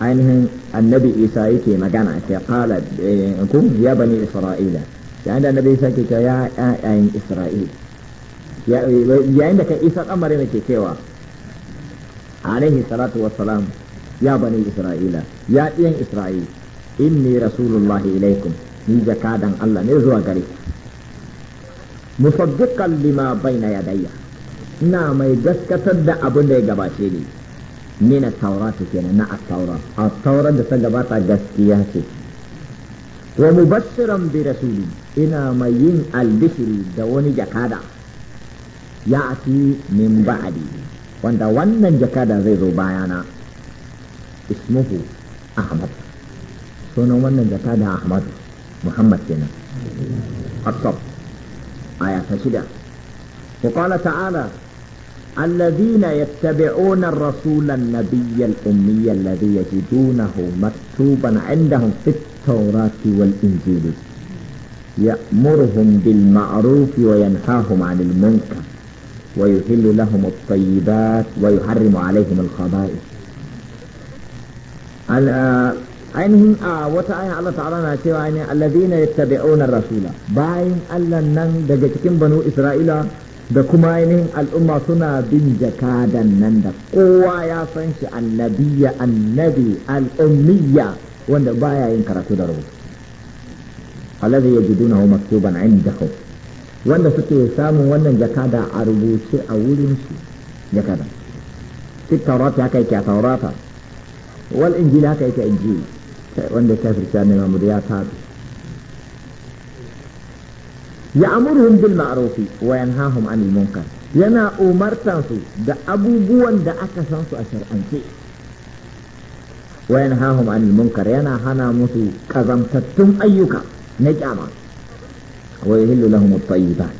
ainihin annabi isa yake magana ke kala ku ya bani isra'ila yayin da annabi isa ke cewa ya ƴaƴayen isra'ila yayin da kai isa dan maryam ke cewa alaihi salatu wassalam ya bani isra'ila ya inni rasulullahi ilaikum Ni jakadan Allah ne zuwa gare musaddiqan lima baina yadayya ina mai gaskatar da abin da ya gabace ni Nina tauratu kenan na at-taura at-taura da ta gabata gaskiya ce wa mubashiran bi rasuli ina mai yin albishiri da wani jakada ya ati min ba'di wanda wannan jakada zai zo bayana ismuhu ahmad sunan wannan jakada ahmad محمد كنا الصف آية فشدة وقال تعالى الذين يتبعون الرسول النبي الأمي الذي يجدونه مكتوبا عندهم في التوراة والإنجيل يأمرهم بالمعروف وينهاهم عن المنكر ويحل لهم الطيبات ويحرم عليهم الخبائث ainihin a wata ayin Allah ta'ala na cewa ainihin allazina yattabi'una rasula bayan Allah nan daga cikin banu Isra'ila da kuma ainihin al'umma suna bin jakadan nan da kowa ya san shi annabiya annabi al'ummiya wanda baya yin karatu da rubutu allazi yajidunahu maktuban indahum wanda suke samun wannan jakada a rubuce a wurin su jakada fi tawrata haka yake a tawrata wal injili haka yake injili wanda kafirci annabi Muhammad ya tafi ya amurhum bil ma'ruf wa yanhahum anil munkar yana umartan su da abubuwan da aka san su a shar'ance wa yanhahum anil munkar yana hana musu kazamtattun ayyuka na kyama wa yuhillu lahum at-tayyibat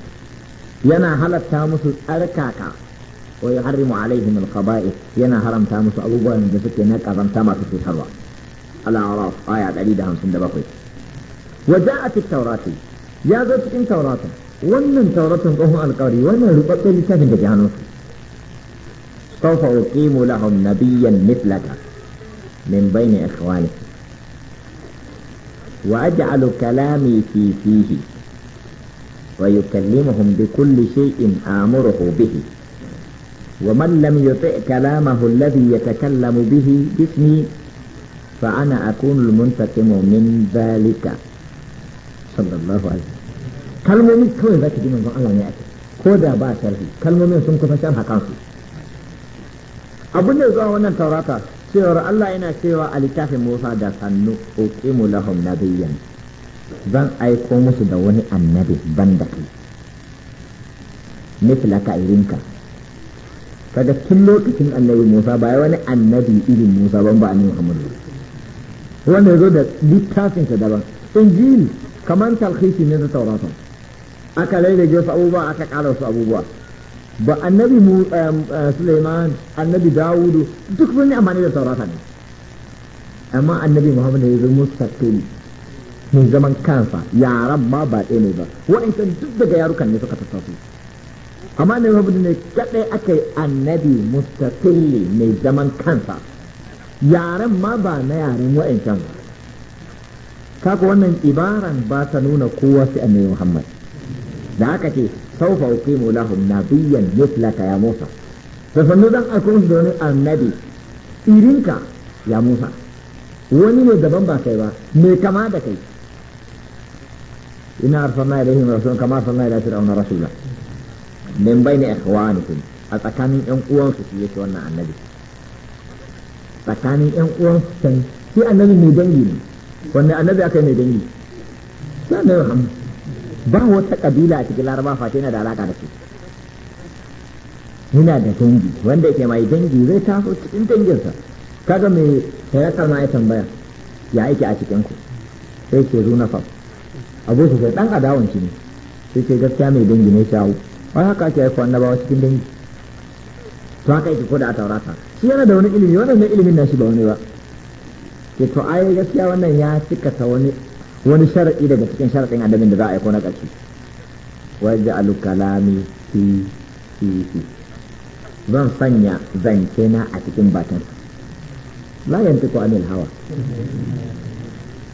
yana halatta musu tsarkaka wa yuharrimu alaihim al-khaba'ith yana haramta musu abubuwan da suke na kazamta masu cutarwa الأعراف آية عديدة هم سند وجاءت التوراة يا جاءت إن توراة ومن توراة هو القاري ومن ربط لسان بجانو سوف أقيم لهم نبيا مثلك من بين إخوانك وأجعل كلامي في فيه ويكلمهم بكل شيء آمره به ومن لم يطع كلامه الذي يتكلم به باسمي fa ana akunul muntaqimu min zalika sallallahu alaihi kalmomin kawai zaki ji manzon Allah ne a ko da ba sharhi kalmomin sun kusa sharha kansu abin da zuwa wannan taurata cewar Allah yana cewa a littafin Musa da sannu uqimu lahum nabiyyan zan aiko musu da wani annabi ban da kai mislaka irinka kaga tun lokacin annabi Musa ba wani annabi irin Musa ban ba annabi Muhammadu wanda ya zo da littafin littafinsa daban injil kamar talhisi ne da taurata aka laida gefe abubuwa aka kara su abubuwa ba annabi mu um, uh, Suleiman annabi Dawudu duk yi amfani da taurata ne amma annabi Muhammad ya zo mustaqil mai zaman kansa yaran ma ba ɗaya ne ba wa'ancan duk daga yarukan ne suka tattaso amma ne Muhammad ne kaɗai aka yi annabi mustaqil mai zaman kansa yaren ma ba na yaren wa'ancan kaga wannan ibaran ba ta nuna kowa sai annabi Muhammad da aka ce saufa na lahum nabiyyan ka ya Musa da sannu zan aiko su annabi irinka ya Musa wani ne daban ba kai ba me kama da kai ina arsalna ilaihim rasulan kama arsalna ila fir'auna rasula min bayni ikhwanikum a tsakanin yan uwansu shi yake wannan annabi tsakanin yan uwan san shi annabi mai dangi ne wanda annabi aka mai dangi na annabi Muhammad ba wata kabila a cikin Laraba face yana da alaka da su yana da dangi wanda yake mai dangi zai taso cikin danginsa kaga mai tayatar ma ya tambaya ya aiki a cikin ku sai ke zo fa abu su sai dan adawan shi ne sai ce gaskiya mai dangi ne shawo wai haka ake haifu annabawa cikin dangi to haka yake ko da a taurata shi yana da wani ilimi wannan ilimin nashi ba wani ba ke to ai gaskiya wannan ya cika ta wani wani sharadi daga cikin sharadin adamin da za a yi ko na ƙarshe waje alukalami fi fi fi zan sanya zance na a cikin bakin la ko anil hawa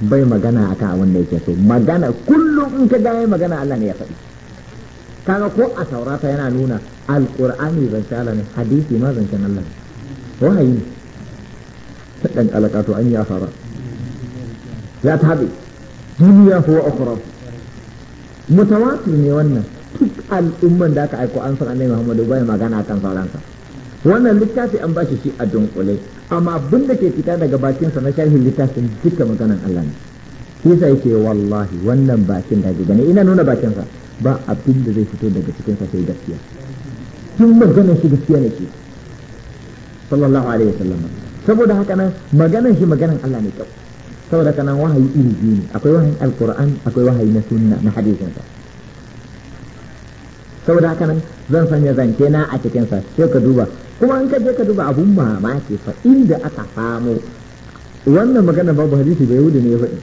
bai magana akan abin da yake so magana kullum in ka ga magana Allah ne ya faɗi kaga ko a saurata yana nuna alqur'ani zan sha ne hadisi ma zancen Allah ne wahayi ta ɗan alaƙa to an yi asara ya ta haɗe duniya wa ukhra mutawatir ne wannan duk al'umman da aka aiko an san annabi Muhammadu bai magana kan sauransa wannan littafi an bashi shi a dunkule amma abin da ke fita daga bakinsa na sharhin littafin duka maganan Allah ne shi sai ke wallahi wannan bakin da gani ina nuna bakinsa ba abin da zai fito daga cikin sa sai gaskiya kin magana shi gaskiya ne ke sallallahu alaihi wasallam saboda haka nan maganan shi maganan Allah ne kyau saboda haka wahayi iri ne akwai wahayin alqur'an akwai wahayi na sunna na hadisin sa saboda haka nan zan sanya zance na a cikin sa sai ka duba kuma in ka je ka duba abun mamaki fa inda aka samu wannan magana babu hadisi da yahudi ne ya faɗi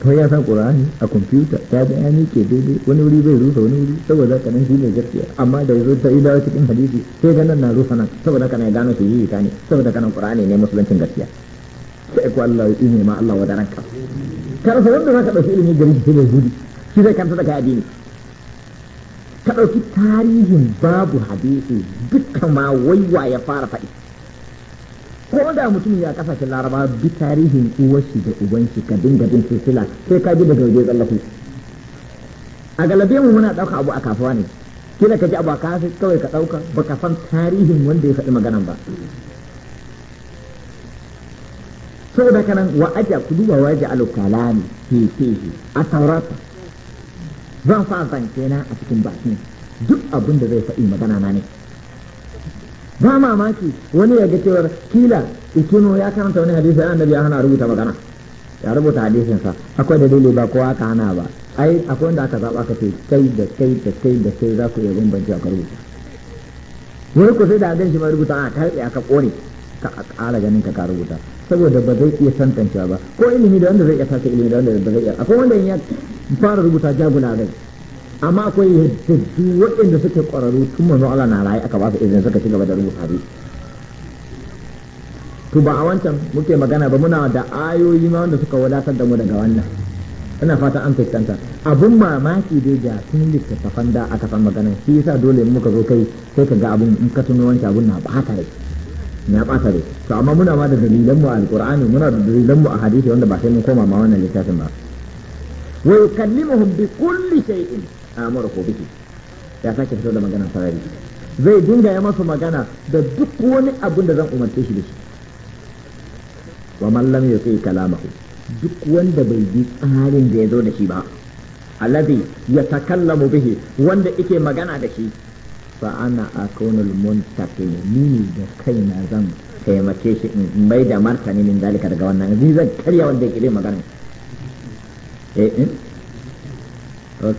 kawai ya san qur'ani a kwamfuta ta da ya ke daidai wani wuri bai rusa wani wuri saboda ka nan shine gaskiya amma da yazo ta idawa cikin hadisi sai ga nan na rusa nan saboda ka nan ya gano shi ta ne saboda kanan qur'ani ne musuluncin gaskiya sai ko Allah ya tsine ma Allah wadaran ka kar wanda wanda zaka dauki ilimin gari shi ne zuri shi zai kanta da kai addini ka dauki tarihin babu hadisi dukkan ma waiwa ya fara faɗi ko da mutum ya kasashen laraba bi tarihin uwarshi da ubanshi ka dinga bin silsila sai ka bi daga waje tsallaku a galabe mu muna ɗauka abu a kasuwa ne kila ka ji abu a kafa kawai ka ɗauka baka san tarihin wanda ya faɗi maganan ba da kanan wa aja ku duba wa aja alu kalami fi a taurata zan fa zance na a cikin bakin duk abin da zai faɗi magana na ne ba mamaki wani ya ga cewar kila ikino ya karanta wani hadisi annabi ya hana rubuta magana ya rubuta hadisinsa akwai dalili ba kowa ka hana ba ai akwai wanda aka zaba ka ce kai da kai da kai da kai za ku iya bambanci a rubuta wani ku sai da gan shi ma rubuta a karɓe aka kore ka ƙara ganin ka ka rubuta saboda ba zai iya santancewa ba ko ilimi da wanda zai iya sake ilimi da wanda ba zai iya akwai wanda ya fara rubuta jagula zai amma akwai yadda waɗanda suke ƙwararru tun manu Allah na rayu aka ba su izini suka ci gaba da rubuta hadisi to ba a wancan muke magana ba muna da ayoyi ma wanda suka wadatar da mu daga wannan ina fata an fahimta abun mamaki dai ga sun littattafan da aka san maganar shi yasa dole muka zo kai sai ka ga abun in ka tuno wancan abun na bata rai na bata rai to amma muna ma da dalilan mu a alqur'ani muna da dalilan mu a hadisi wanda ba sai mun koma ma wannan littafin ba wa yukallimuhum bi kulli shay'in amara ko biki ya sake fito da magana sarari zai dinga ya masa magana da duk wani abin da zan umarce shi da shi wa man lam yuti kalamahu duk wanda bai bi tsarin da ya zo da shi ba alladhi yatakallamu bihi wanda yake magana da shi fa ana akunul muntaqim ni da kaina zan taimake shi in mai da martani min dalika daga wannan zai zan karya wanda yake magana eh, eh?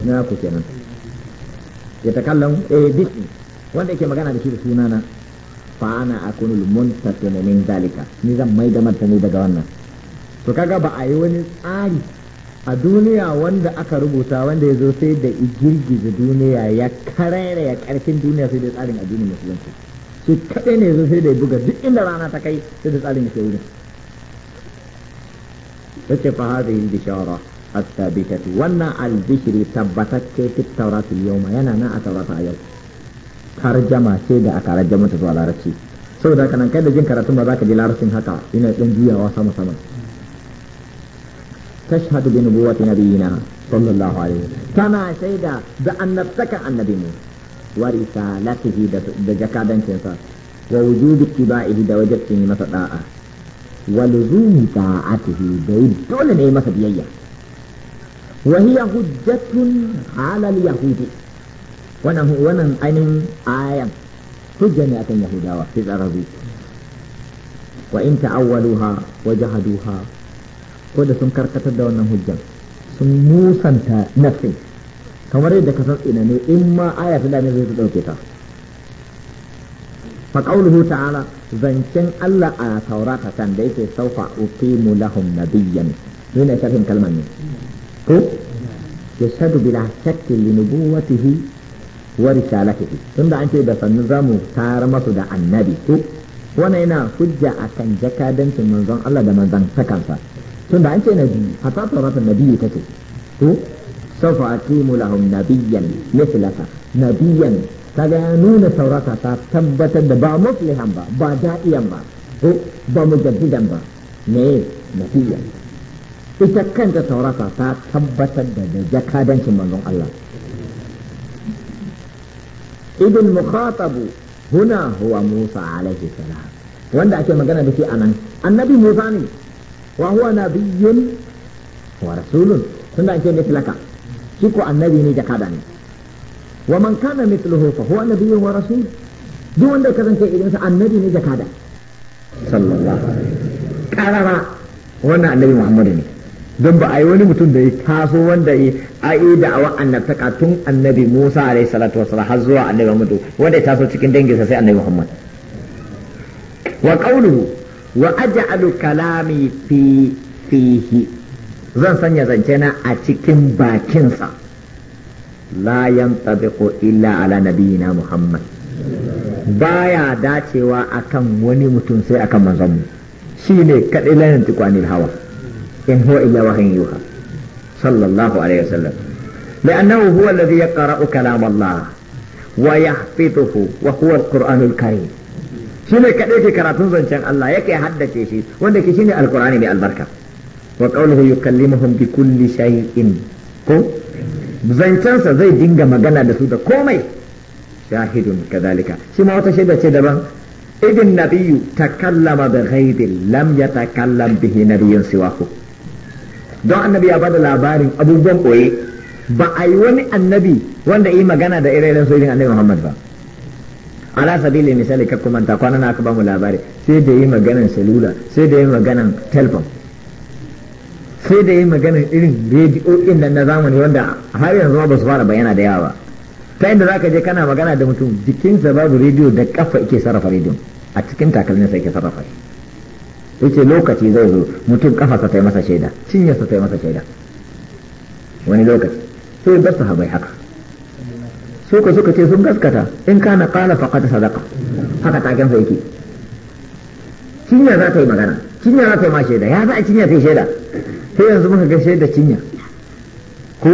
na ku kenan ya ta kallon eh bismi wanda yake magana da shi da sunana fa ana lumunta muntaqimu min dalika ni zan mai da martani daga wannan to kaga ba a yi wani tsari a duniya wanda aka rubuta wanda ya zo sai da girgiza duniya ya karere ya karfin duniya sai da tsarin addinin musulunci su kadai ne zo sai da buga duk inda rana ta kai sai da tsarin yake wurin yace fa da bishara الثابتة وانا البشر ثبتت في التوراة a ينا نا التوراة اليوم ترجمة سيدة أترجمة على laraci. saboda haka nan kai da jin karatun ba za ka ji larabcin haka ina ɗan juyawa sama sama tashhadu bi nubuwati nabiyina sallallahu alaihi tana shaida da annabtaka annabi ne wa risalatihi da jakadancin sa wa wujubi tiba'ihi da wajibcin masa da'a wa luzumi ta'atihi da dole ne masa biyayya وهي حجة على اليهود wannan wannan ainihin ayan hujja ne akan yahudawa fi tsararru wa in ta'awwaluha wa jahaduha ko da sun karkatar da wannan hujjan sun musanta nafsin kamar yadda ka san ina ne in ma aya ta dame zai ta dauke ta fa qawluhu ta'ala zancen Allah a taurata kan da yake saufa uqimu lahum nabiyyan ne ne kalmar ne yashhadu bila shakki li nubuwatihi wa risalatihi tunda an ce da sannu zamu tayar masu da annabi ko wannan yana hujja akan jakadancin manzon Allah da manzon takansa tunda an ce nabi hatta tauratun nabi take ko سوف أقيم لهم نبيا مثلك نبيا kaga ya nuna saurata ta tabbatar da ba muflihan ba ba da'iyan ba ko ba mujaddidan ba ne nafiyan ita kanta taurata ta tabbatar da jakadancin manzon Allah idin mukhatabu huna huwa Musa alaihi salam wanda ake magana da shi anan annabi Musa ne wa huwa nabiyyun wa rasulun tunda ake tilaka shi ko annabi ne jakada ne wa man kana mithluhu fa huwa nabiyyun wa rasul duk wanda ka kasance irin sa annabi ne jakada sallallahu alaihi karara wannan annabi Muhammadu ne don ba a yi wani mutum da ya taso wanda ya ayi da'awa annabtaka tun annabi Musa alaihi salatu wasallam har zuwa annabi Muhammad wanda ya taso cikin danginsa sai annabi Muhammad wa qawluhu wa aj'alu kalami fi fihi zan sanya zance na a cikin bakinsa la yantabiqu illa ala nabiyina Muhammad baya dacewa akan wani mutum sai akan manzon mu shine kadai lanin tukwanil hawa إن هو إلا وهي يوحى صلى الله عليه وسلم لأنه هو الذي يقرأ كلام الله ويحفظه وهو القرآن الكريم شنو كذلك كراتون شان الله يكي حد تيشي وانك شنو القرآن من البركة وقوله يكلمهم بكل شيء كو زنشان سزي دينجا مجانا دسودة كومي شاهد كذلك شما وتشيدة شدبا إذ النبي تكلم بغيب لم يتكلم به نبي سواه don annabi ya bada labarin abubuwan koye ba a yi wani annabi wanda yi magana da irin su irin annabi Muhammad ba ala sabili misali ka kuma ta kwana na aka bamu labari sai da yi maganan salula sai da yi maganan telefon sai da yi maganan irin rediyoyin nan na zamani wanda har yanzu ba su fara bayyana da yawa ba ta inda ka je kana magana da mutum jikinsa babu rediyo da kafa yake sarrafa radio a cikin takalmin sa yake sarrafa shi yace lokaci zai zo mutum kafarsa ta yi masa shaida cinyarsa ta yi masa shaida wani lokaci sai su haɓai haka suka suka ce sun gaskata in kana qala faƙata sadaka haka taken sa yake cinya za ta yi magana cinya za ta yi ma shaida ya za a cinya ta yi shaida sai yanzu muka ga shaida cinya ko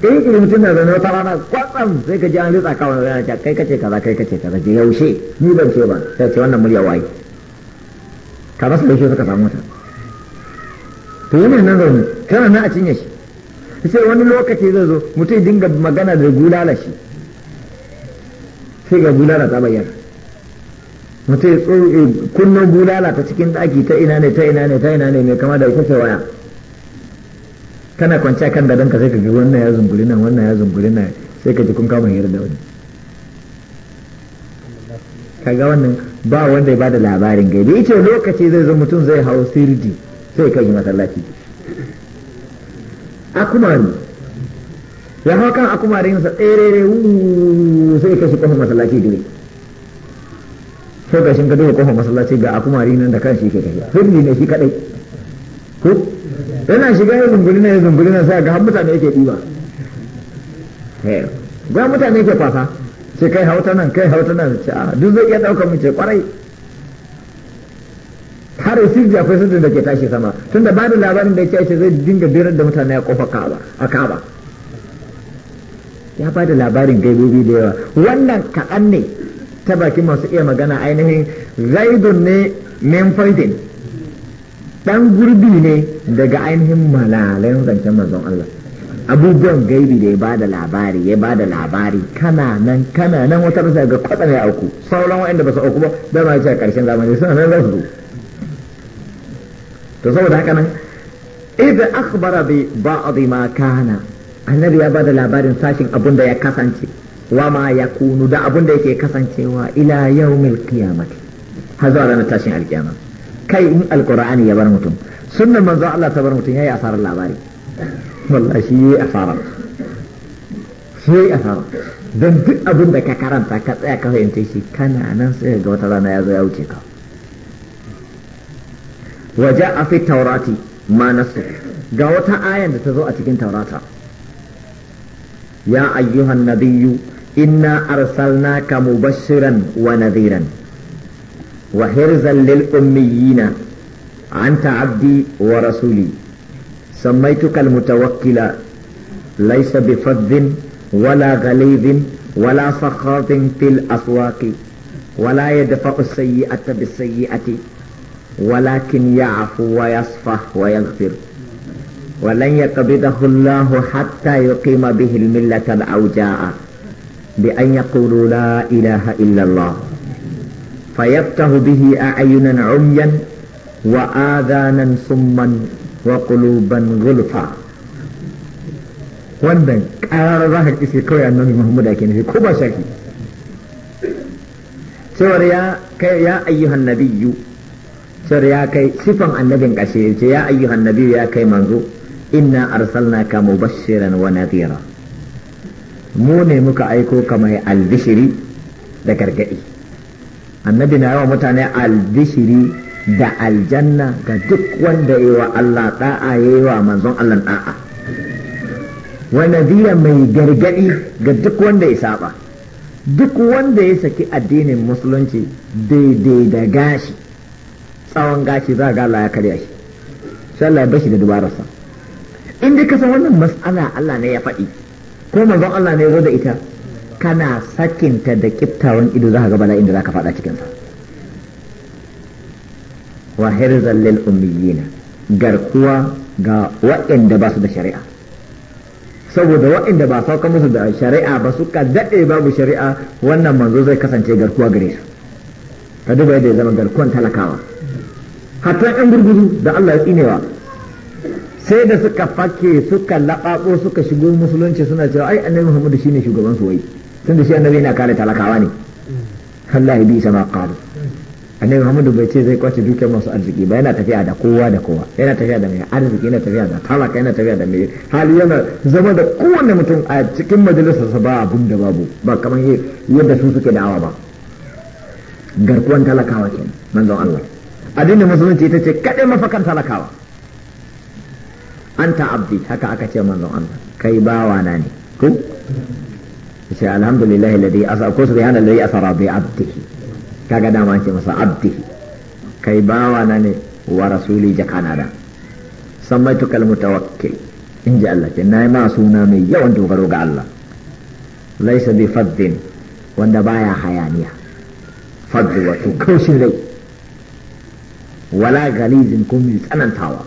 in ilimin mutum na zaune wata rana kwatsam sai ka ji an ritsa kawai yana kai kace kaza kai kace kaza je yaushe ni ban ce ba sai ce wannan murya waye ka rasa yaushe suka samu ta to yana nan zaune kana na a cinye shi sai wani lokaci zai zo mutum dinga magana da gulala shi sai ga gulala ta bayyana mutum kunno gulala ta cikin daki ta ina ne ta ina ne ta ina ne mai kama da ita waya kana a kan gadonka sai ka ji wannan ya zunguri nan wannan ya zunguri nan sai ka ji kun kama hira da wani kaga wannan ba wanda ya bada labarin gaibi yace lokaci zai zo mutum zai hau sirdi sai kai masallaci akumari ya hau kan akumarin sa tsere sai kai shi kofa masallaci dire sai ka shin ka duba kofa masallaci ga akumari nan da kanshi ke tafiya sirdi ne shi kadai ko yana shiga ya zumburi na ya zumburi na sai ga har mutane yake diba ga mutane yake kwasa ce kai hauta nan kai hauta nan ce a ah, duk zai iya ɗaukar mace kwarai har sirri akwai sirrin da ke tashi sama tun da bada labarin da ya ce zai dinga birar da mutane a kofa kaba a kaba ya bada labarin gaibobi da yawa wannan kaɗan ne ta baki masu iya magana ainihin zaidun ne min dan gurbi ne daga ainihin malalai zancen manzon Allah abubuwan gaibi da ya ba da labari ya ba da labari kana nan kana nan wata rasa ga kwatsam ya auku sauran waɗanda ba su auku ba da ma ce a ƙarshen zamani suna nan za su zo to saboda haka nan idan akhbara bi ba'd ma kana annabi ya ba da labarin sashin abunda da ya kasance wa ma yakunu da abun da yake kasancewa ila yawmil qiyamati har zuwa ranar tashin alkiyama kai in alqur'ani ya bar mutum sunnan manzo Allah ta bar mutum yayi asarar labari wallahi shi yi asara shi yi asara don duk abin da ka karanta ka tsaya ka fahimce shi kana nan sai ga wata rana ya zo ya wuce ka waje a fi taurati ma nasu ga wata ayan da ta zo a cikin taurata ya ayyuhan nabiyyu inna arsalnaka mubashiran wa nadhiran wa hirzan lil ummiyina anta abdi wa rasuli سميتك المتوكل ليس بفذ ولا غليظ ولا سخاط في الأسواق ولا يدفع السيئة بالسيئة ولكن يعفو ويصفح ويغفر ولن يقبضه الله حتى يقيم به الملة الاوجاع بأن يقولوا لا إله إلا الله فيفتح به أعينا عميا وآذانا صما wa kuluban gulfa wannan karar za ka kise kawai annabi Muhammad ake nufi ko ba shaki cewar ya kai ya ayyuhan nabiyyu cewar ya kai sifan annabin kashe ce ya ayyuhan nabiyyu ya kai manzo inna arsalnaka mubashiran wa nadhira mu ne muka aiko ka mai albishiri da gargadi annabi na yawa mutane albishiri da aljanna ga duk wanda yi wa Allah da'a ya yi wa manzon Allah da'a wa nadira mai gargaɗi ga duk wanda ya saba duk wanda ya saki addinin musulunci daidai da gashi tsawon gashi za ga Allah ya karya shi sai Allah ya bashi da dubararsa in dai ka san wannan mas'ala Allah ne ya faɗi ko manzon Allah ne ya zo da ita kana sakinta da kiftawan ido za ka ga bala'in da za ka faɗa cikinsa wa hirzan lil ummiyina garkuwa ga waɗanda ba su da shari'a saboda waɗanda ba sauka musu da shari'a ba suka daɗe babu shari'a wannan manzo zai kasance garkuwa gare su ka duba yadda ya zama garkuwan talakawa hatta yan gurgudu da Allah ya tsinewa sai da suka fake suka laɓaɓo suka shigo musulunci suna cewa ai annabi Muhammad shine shugaban su wai tunda shi annabi yana kare talakawa ne mm. Allah ya bi sama qalu annabi muhammadu bai ce zai kwace dukiyar masu arziki ba yana tafiya da kowa da kowa yana tafiya da mai arziki yana tafiya da talaka yana tafiya da mai hali yana zama da kowane mutum a cikin majalisarsa ba abun da babu ba kamar yadda su suke da'awa ba garkuwan talakawa ke manzon Allah addinin musulunci ita ce kaɗai mafakar talakawa anta abdi haka aka ce manzon Allah kai bawa na ne ko sai alhamdulillah ladai asa ko ladai asara bi abdihi kaga dama ce masa abdi kai bawa na ne wa rasuli na da tukal mutawakkil in ji Allah ce na yi ma suna mai yawan dogaro ga Allah laisa bi faddin wanda baya hayaniya faddu wato kaushin rai wala galizin kun tsanantawa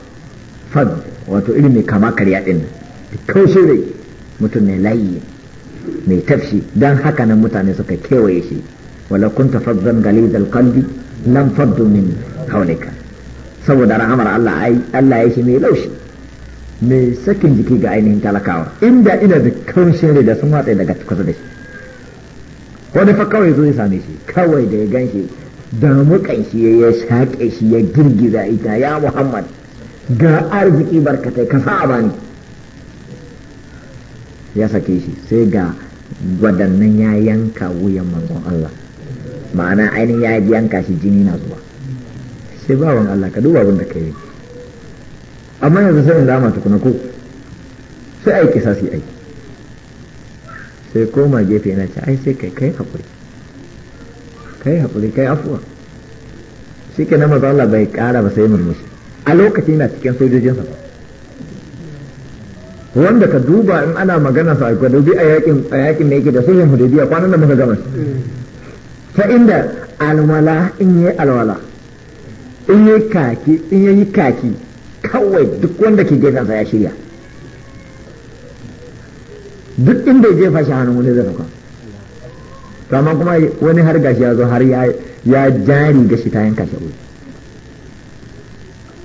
fad wato ilimi kama karya din kaushin rai mutum ne layi mai tafshi don haka nan mutane suka kewaye shi ولو كنت فظا غليظ القلب لم فضوا من حولك saboda rahamar Allah ai Allah ya shi mai laushi mai sakin jiki ga ainihin talakawa inda ina da kaushin da sun watsa daga kusa da shi wani fa kawai zo ya same shi kawai da ya gan shi da mukan shi ya shaƙe shi ya girgiza ita ya Muhammad ga arziki barkatai ka sa bani ya sake shi sai ga gwadannan ya yanka wuyan manzon Allah ma'ana ainihin ya yi yanka shi jini na zuwa sai bawan Allah ka duba abin da ka yi amma yanzu sai in dama tukuna ko sai aiki sa su aiki sai koma gefe yana ce ai sai kai kai haƙuri kai haƙuri kai afuwa shi ke na maza Allah bai ƙara ba sai murmushi a lokacin na cikin sojojinsa ba wanda ka duba in ana magana sa a yakin a yakin da yake da sulhun hudaybiya kwanan da muka gama ta inda alwala in yi alwala in yi kaki in yi kaki kawai duk wanda ke gefensa ya shirya duk inda ya jefa shi hannun wani zai sauka to amma kuma wani har gashi ya zo har ya jari gashi ta yanka shi wuri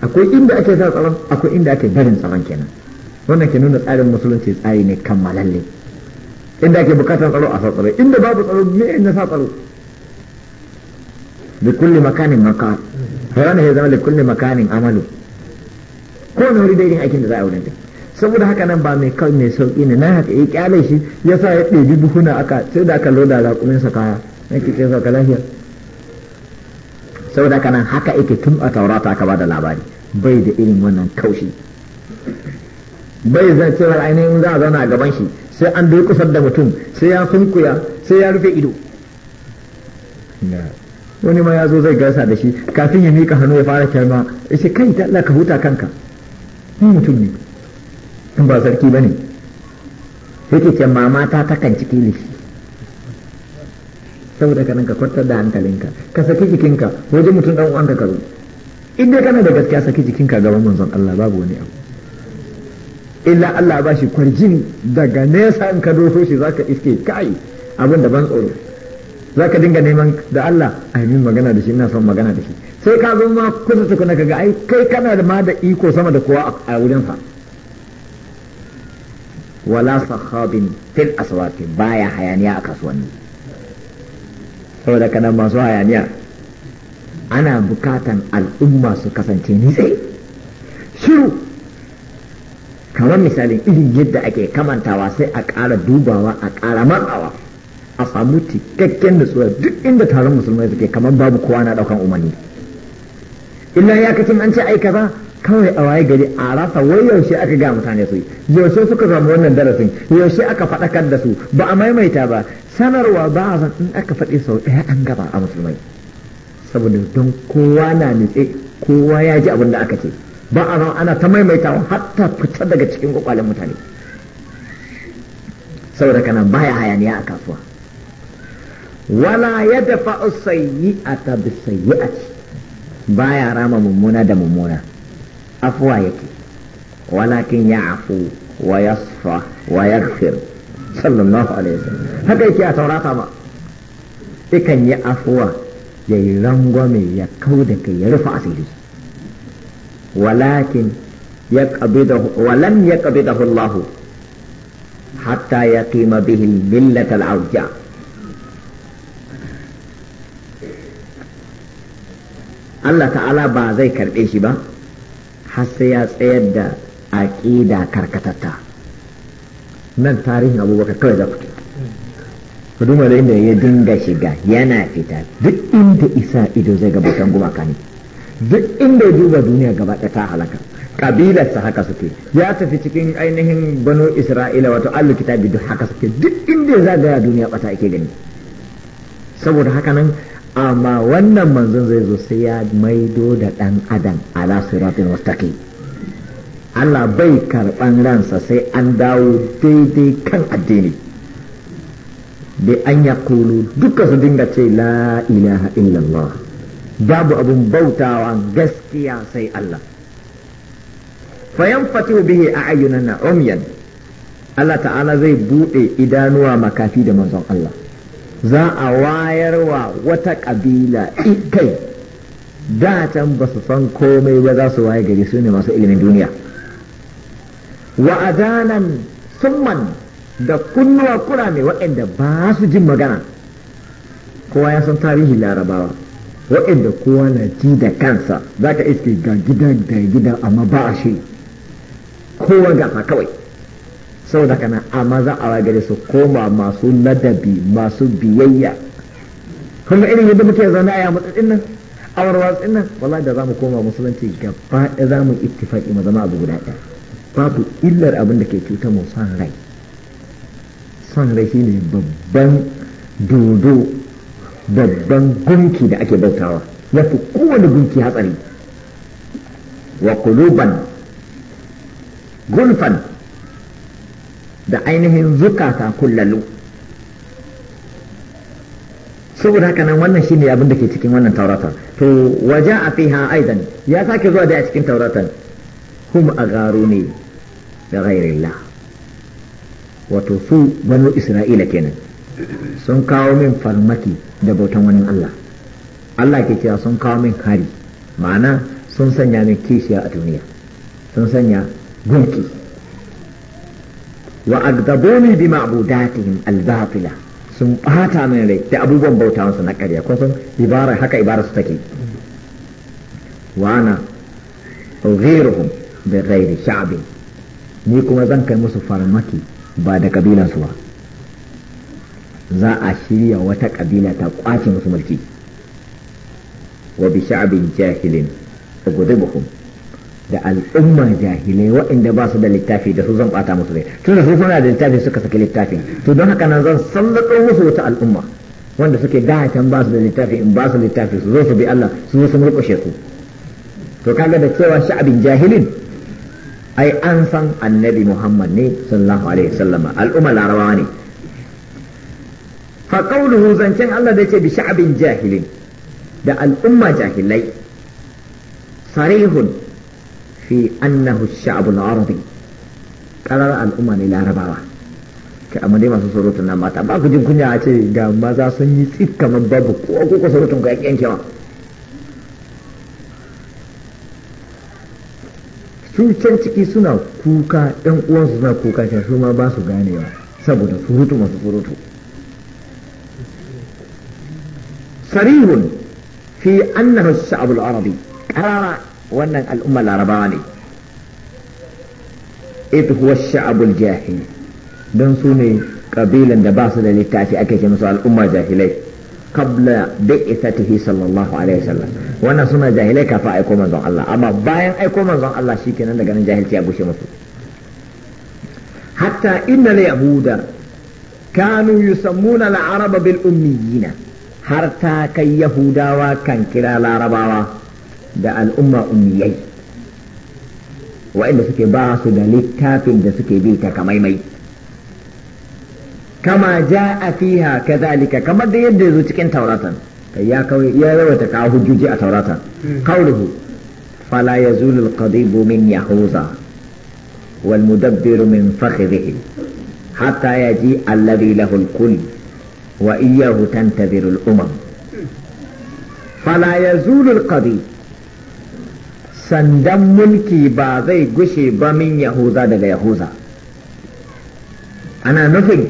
akwai inda ake sa tsaron akwai inda ake barin tsaron kenan wannan ke nuna tsarin musulunci tsari ne kammalalle inda ake bukatar tsaro a sa tsaro inda babu tsaro me na sa tsaro likulli makanin maqal ranar ya zama likulli makanin amalu ko na wuri daidai aikin da za a wurin saboda haka nan ba mai kawai mai sauki ne na haka ya eh, kyale shi ya sa ya ɗebi buhuna aka sai da aka loda raƙumin sa kaya na ke sa ka lafiya saboda haka nan haka yake tun a taurata aka bada labari bai da irin wannan kaushi bai zan cewa ainihin za a zauna a gaban shi sai an durƙusar da mutum sai ya sunkuya sai ya rufe ido wani ma ya zo zai gaisa da shi kafin ya mika hannu ya fara kyarma ya ce kai Allah ka huta kanka ni mutum ne in ba sarki ba ne yake ce mama ta takan ciki ne saboda ka ka kwantar da hankalinka ka saki jikinka wajen mutum dan uwanka ka zo in dai kana da gaskiya saki jikinka gaban manzon Allah babu wani abu illa Allah ba shi kwarjin daga nesa in ka doso shi zaka iske kai abin da ban tsoro za ka dinga neman da Allah a yi magana da shi ina son magana da shi sai ka zo ma kusa tukuna ka ga ai kai kana da ma da iko sama da kowa a wurinsa wala sahabin fil aswati baya hayaniya a kasuwanni saboda kana masu hayaniya ana bukatan al'umma su kasance nitse shiru kamar misalin irin yadda ake kamantawa sai a ƙara dubawa a ƙara matsawa a samu cikakken da tsura duk inda taron musulmai suke kamar babu kowa na daukan umarni illa ya kacin an ce ai kaza kawai a waye gari a rasa wai yaushe aka ga mutane su yaushe suka zama wannan darasin yaushe aka fadakar da su ba a maimaita ba sanarwa ba a zan in aka faɗi sau ɗaya an gaba a musulmai saboda don kowa na nutse kowa ya ji abin da aka ce ba a zan ana ta maimaitawa hatta fita daga cikin kwakwalen mutane saboda kana baya hayaniya a kasuwa ولا يدفع السيئة بالسيئة بايا راما ممونة دا ممونة أفوايك ولكن يعفو ويصفى ويغفر صلى الله عليه وسلم هكا يكي إكا ما إكن يعفو ييرنغمي يكودك يرفع سيدي ولكن يقبضه ولم يقبضه الله حتى يقيم به الملة العوجة Allah ta'ala ba zai karɓe shi ba har sai ya tsayar da aƙida karkatatta nan tarihin abubakar kawai za ku ku da inda ya dinga shiga yana fita duk inda isa ido zai gabatan gumaka ne duk inda duba duniya gaba ɗaya ta halaka sa haka suke ya tafi cikin ainihin banu isra'ila wato allu kitabi duk haka suke duk inda ya zagaya duniya bata ake gani saboda haka nan amma wannan manzon zai zo sai ya maido da ɗan adam ala siratin mustaqim Allah bai karɓan ransa sai an dawo daidai kan addini da an ya kulu duka su dinga ce la ilaha illallah babu abun bautawa gaskiya sai Allah fayan fatihu bihi a ayyunan na umyan Allah ta'ala zai buɗe idanuwa makafi da manzon Allah za a wayarwa wata ƙabila ikai da can ba su san komai ba za su waye gari su ne masu ilimin duniya wa adanan summan da kunnuwa mai waɗanda ba su jin magana kowa ya san tarihi larabawa waɗanda kowa na ji da kansa za ka iske ga gida da gida amma ba a shiri kowa gafa kawai sau da kana amma za a gare su koma masu ladabi masu biyayya kuma irin yadda muke zaune a yamutsatsin nan a warwatsin nan wallahi da za mu koma musulunci gaba da za mu ittifaki mu zama abu guda ɗaya babu illar abin da ke cutar mu san rai san rai shine babban dodo babban gunki da ake bautawa ya fi kowane gunki hatsari wa kuluban gulfan da ainihin zukata kullalu saboda haka nan wannan shine abin da ke cikin wannan tauratan to waje a fiha aidan ya sake zuwa da a cikin tauratan hum a garu ne da ghairillah wato su banu isra'ila kenan sun kawo min farmaki da bautan wani Allah Allah ke cewa sun kawo min hari ma'ana sun sanya min kishiya a duniya sun sanya gunki wa agdabuni bi sun bata min rai da abubuwan bauta su na ƙarya ko ibara haka ibara su take wa ana ghayruhum bi ghairi sha'bi ni kuma zan kai musu farmaki ba da kabilan su ba za a shirya wata kabila ta kwace musu mulki wa bi sha'bin jahilin gudubuhum da al'umma jahilai waɗanda ba su da littafi da su zan bata musu ne tun da su suna da littafi suka saki littafin to don haka nan zan sallaka musu wata al'umma wanda suke da can ba su da littafi in ba su littafi su zo su bi Allah su zo su murƙushe su to kaga da cewa sha'abin jahilin ai an san annabi Muhammad ne sallallahu alaihi wasallam al'umma larawa ne fa qawluhu zancen Allah da ce bi sha'abin jahilin da al'umma jahilai sarihun fi annahu sha'ab al-arabi qarar al'umma ne larabawa kai amma dai masu surutun nan mata ba ku jin kunya a ce ga maza sun yi tsit kamar babu ko ko ku surutun ku yankewa su can ciki suna kuka ɗan uwansu suna kuka ta su ma ba su ganewa saboda surutu masu surutu sarihun fi annahu sha'ab al-arabi qarara wannan al'umma larabawa ne ita huwa sha'abul jahil don su ne kabilan da ba su da littafi ake ce musu al'umma jahilai kabla bi'ithatihi sallallahu alaihi wasallam wannan suna jahilai kafin aiko manzon Allah amma bayan aiko manzon Allah shikenan daga nan jahilci ya gushe musu hatta innal yahuda kanu yusammuna al-araba bil ummiyina har ta kai yahudawa kan kira larabawa da al'umma ummiyai wa'inda suke ba su da littafin da suke bi ta kamaimai kama ja a fiha kazalika kamar da yadda yazo cikin tauratan kai ya kawai ya rawata ka hujjoji a tauratan qawluhu fala yazulu al-qadibu min yahuza wal mudabbiru min fakhrihi hatta yaji alladhi lahu al-kull wa iyyahu tantadhiru al-umam fala yazulu al-qadib sandan mulki ba zai gushe ba min yahuza daga yahuza ana nufin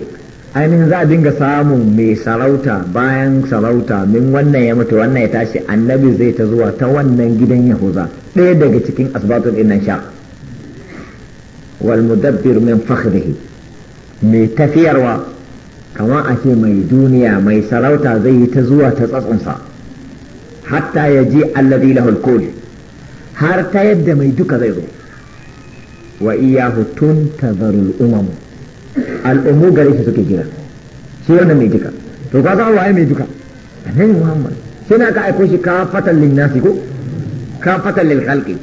ainihin za a dinga samun mai sarauta bayan sarauta min wannan ya mutu wannan ya tashi annabi zai ta zuwa ta wannan gidan yahuza ɗaya daga cikin asibatun ɗin sha wal mudabbir min fakhrihi mai tafiyarwa kamar a ce mai duniya mai sarauta zai yi ta zuwa ta tsatsunsa hatta ya ji allazi lahul kulli har ta yadda mai duka zai zo wa iyahu tun tazarul umamu al'ummu gare shi suke jira shi wannan mai duka to ka zama waye mai duka annabi muhammad sai na ka aiko shi ka fatan lin nasi ko ka fatan lil khalqi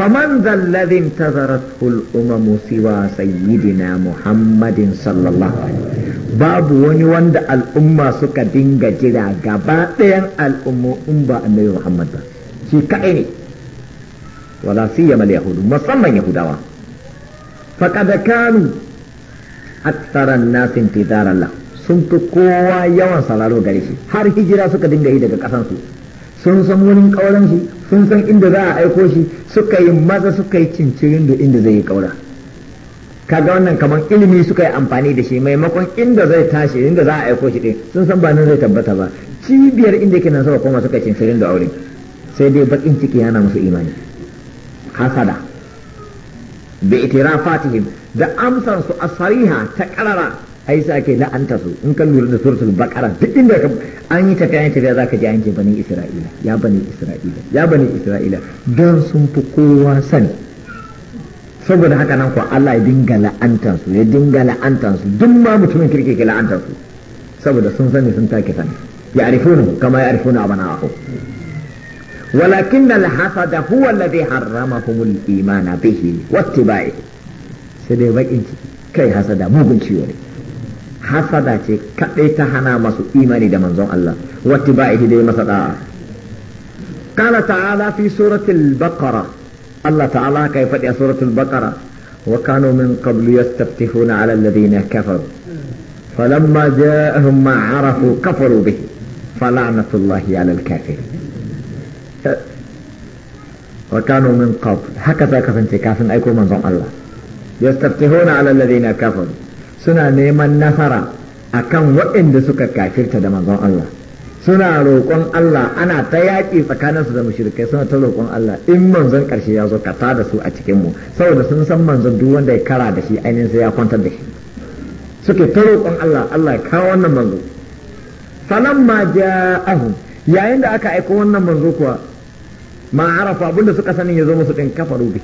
faman zalladhi intazarathu al umamu siwa sayyidina muhammadin sallallahu alaihi babu wani wanda al'umma suka dinga jira gaba ɗayan al'ummu in ba annabi muhammad ba shi kaɗai ne wala siyama yahudu musamman yahudawa faqad kanu aktharan nas intizaran la sun fi kowa yawan sararo gare shi har hijira suka dinga yi daga kasansu su sun san wurin kauran shi sun san inda za a aiko shi suka yi maza suka yi cincirin da inda zai yi kaura kaga wannan kamar ilimi suka yi amfani da shi maimakon inda zai tashi inda za a aiko shi ɗin sun san ba nan zai tabbata ba cibiyar inda yake nan suka koma suka cincirin da aure sai dai bakin ciki yana musu imani hasada bi itirafatihim da amsar su asariha ta karara ai sa ke la'anta su in kan lura da suratul baqara duk inda an yi tafiya tafiya zaka ji an ce bani isra'ila ya bani isra'ila ya bani isra'ila dan sun fi kowa sani saboda haka nan ko Allah ya dinga la'antar su ya dinga la'antar su duk ma mutumin kirki ke la'antar su saboda sun sani sun take sani ya arifuna kama ya abana ko. ولكن الحسد هو الذي حرمهم الإيمان به واتباعه سيدي انت كي حسد موغن شيوري حسد كي تحنا مسو إيماني دا منظوم الله واتباعه دي مسد قال تعالى في سورة البقرة الله تعالى كيف يا سورة البقرة وكانوا من قبل يستفتحون على الذين كفروا فلما جاءهم ما عرفوا كفروا به فلعنة الله على الكافرين wa kanu min qabl haka ta kasance kafin aiko manzon Allah yastaftihuna ala alladhina kafaru suna neman nasara akan waɗanda suka kafirta da manzon Allah suna roƙon Allah ana ta yaƙi tsakaninsu da mushrikai suna ta roƙon Allah in manzon ƙarshe ya zo ka da su a cikin mu saboda sun san manzon duk wanda ya kara da shi ainihin sai ya kwantar da shi suke ta roƙon Allah Allah ya kawo wannan manzo falamma ja'ahum yayin da aka aiko wannan manzo kuwa ma arafa abinda suka sanin ya zo musu din kafaru bi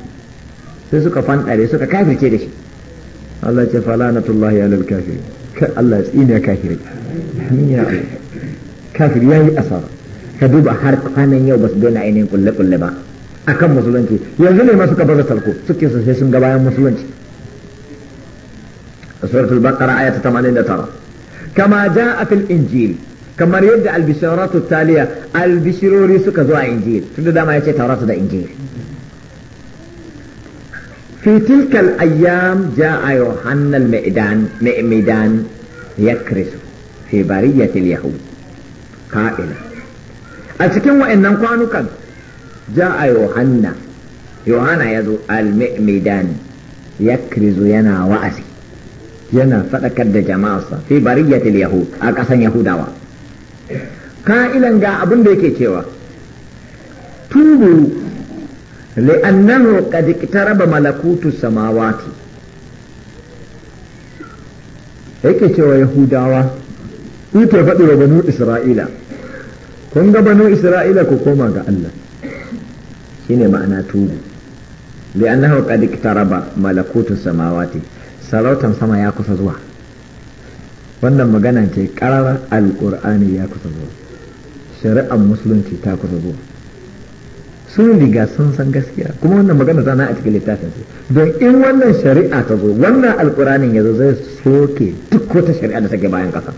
sai suka fandare suka kafirce da shi Allah ce fa lanatullahi alal kafir ka Allah ya tsine kafiri ya kafir yayi asara ka duba har kwanan yau basu daina ainihin kulle kulle ba akan musulunci yanzu ne ma suka baza tarko suke su sai sun ga bayan musulunci suratul baqara ayat 89 kama jaa fil injil كما يبدا البشارات التاليه albishirori suka zo a injil tunda dama ya ce tauratu da في تلك الأيام جاء يوحنا المئدان مئمدان يكرس في برية اليهود قائلا أتكن وإن قانوكا جاء يوحنا يوحنا يزو المئمدان يكرز ينا وأسي ينا فتكد جماعة في برية اليهود أكسن يهودا ga abin da yake cewa tubu لأنه qad iktaraba malakutu samawati yake cewa yahudawa ku ta faɗi wa banu isra'ila kun ga banu isra'ila ku koma ga Allah shine ma'ana tubu li'annahu qad iktaraba malakutu samawati sarautan sama ya kusa zuwa wannan magana ce ƙarar alƙur'ani ya kusa zuwa shari'ar musulunci ta kusa zuwa sun riga sun san gaskiya kuma wannan magana tana a cikin littafin su don in wannan shari'a ta zo wannan alƙur'anin ya zo zai soke duk wata shari'a da take bayan ƙasa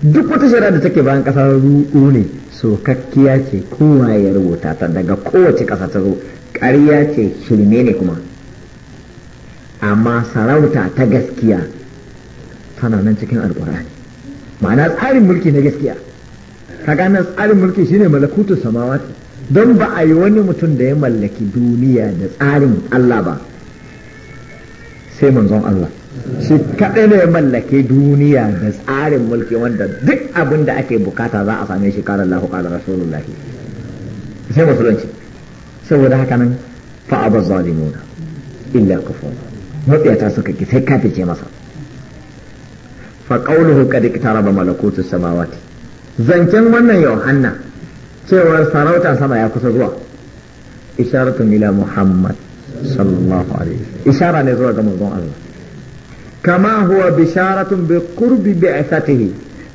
duk wata shari'a da take bayan ƙasa ruɗu ne sokakkiya ce kowa ya rubuta ta daga kowace ƙasa ta zo ƙarya ce shirme ne kuma amma sarauta ta gaskiya tana nan cikin alkur'ani ma'ana tsarin mulki na gaskiya kaga nan tsarin mulki shine malakutu samawati don ba a yi wani mutum da ya mallaki duniya da tsarin Allah ba sai manzon Allah shi kaɗai ne ya mallake duniya da tsarin mulki wanda duk abin da ake bukata za a same shi karar Allah kala Rasulullah sai musulunci saboda haka nan fa abaz zalimuna illa kafara mabiyata suka ki sai kafice masa fa qawluhu qad iqtaraba malakutus samawati zancen wannan yohanna cewa sarauta sama ya kusa zuwa isharatun ila muhammad sallallahu alaihi ishara ne zuwa ga manzon Allah kama huwa bisharatun bi qurbi bi'athatihi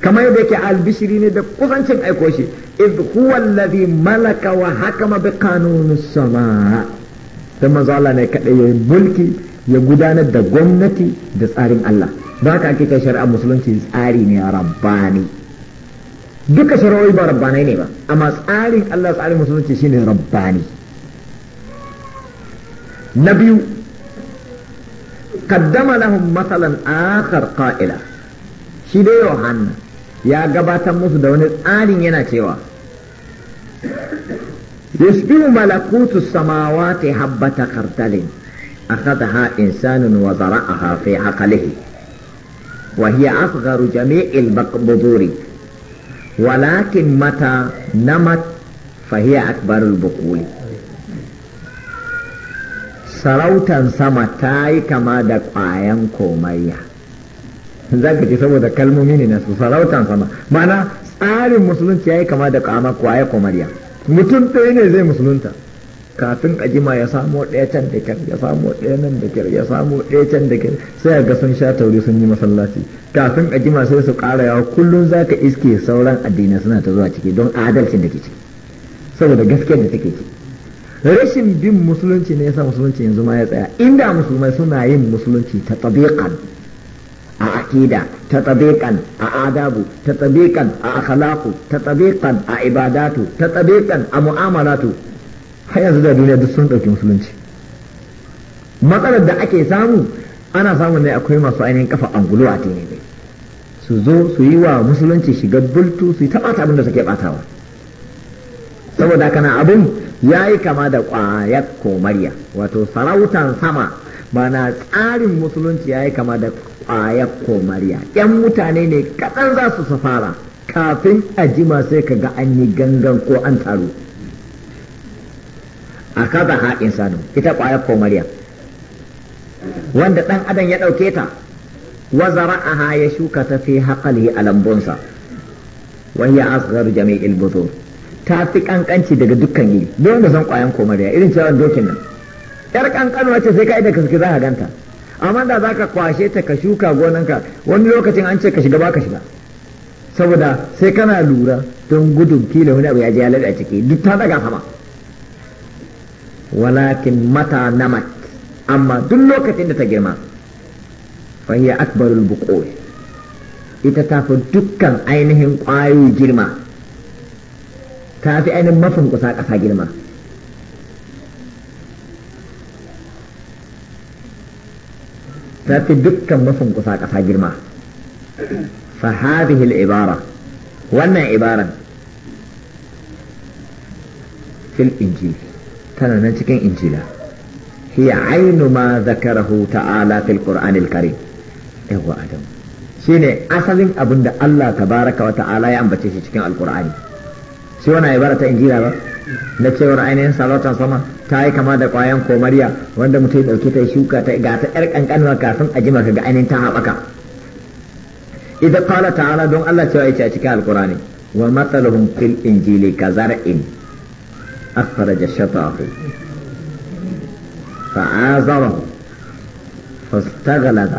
kama yadda yake albishiri ne da kusancin aiko shi iz huwa alladhi malaka wa hakama bi qanunis samaa dan manzon Allah ne kadai yayi mulki ya gudanar da gwamnati da tsarin Allah da haka ake kai shari'a musulunci tsari ne rabbani duka shari'o'i ba rabbanai ne ba amma tsarin Allah tsarin musulunci shine rabbani na biyu kaddama lahum masalan akhar qa'ila shi dai yohanna ya gabatar musu da wani tsarin yana cewa يشبه ملكوت السماوات حبة خردل أخذها wazara a في عقله وهي أصغر جميع البذور ولكن متى نمت فهي أكبر البقول sarautan sama ta yi kama da ƙwayan komayya za ka ce saboda kalmomi ne na su sarautan sama mana tsarin musulunci ya yi kama da ƙwama ƙwaya mutum ne zai musulunta kafin a jima ya samo ɗaya can da kyar ya samo ɗaya nan da kyar ya samo ɗaya can da kyar sai ga sun sha tauri sun yi masallaci kafin a sai su ƙara yawa kullum za ka iske sauran addinai suna ta zuwa ciki don adalcin da ke ciki saboda gaskiyar da take ciki rashin bin musulunci ne yasa musulunci yanzu ma ya tsaya inda musulmai suna yin musulunci ta tabiqan a aqida ta tabiqan a adabu ta tabiqan a akhlaqu ta tabiqan a ibadatu ta tabiqan a mu'amalatu har yanzu da duniya duk sun ɗauki musulunci matsalar da ake samu ana samun ne akwai masu ainihin kafa angulo a tene ne su zo su yi wa musulunci shiga bultu su yi ta bata abin suke batawa saboda kana abin ya yi kama da kwaya komariya wato sarautan sama mana tsarin musulunci ya yi kama da kwaya komariya yan mutane ne kaɗan za su safara kafin a jima sai ka ga an yi gangan ko an taru a kaza ha sanu ita ƙwayar komariya wanda ɗan adam ya ɗauke ta wazara a ya shuka ta fi haƙali a lambunsa wa hiya jami'il budur ta fi kankanci daga dukkan iri don da san ƙwayan komariya irin cewa dokin nan yar ƙanƙan ce sai ka da kaske za ka ganta amma da za ka kwashe ta ka shuka gonanka wani lokacin an ce ka shiga ba ka shiga saboda sai kana lura don gudun kila wani abu ya je ya lada ciki duk ta daga sama walakin mata namat amma duk lokacin da ta girma fahiyya akbarul buqo'i ita ta fi dukkan ainihin ƙwayoyi girma ta fi ainihin mafin kusa ƙasa girma ta fi dukkan mafin kusa ƙasa girma fa hadhihi ibara wannan ibaran fil injili tana nan cikin injila hiya ainu ma zakarahu ta'ala fil qur'anil karim yawa adam shine asalin abin da Allah tabaraka wa ta'ala ya ambace shi cikin alqur'ani shi wannan ibara ta injila ba na cewar ainihin salatan sama ta yi kama da kwayan komariya wanda mutum ya dauke ta shuka ta ga ta yar kankanuwa kafin a jima ga ainihin ta haɓaka idan kala ta'ala don Allah cewa ce a cikin alqur'ani wa mathaluhum fil injili kazar'in أخرج شطاه فعازره فاستغلظ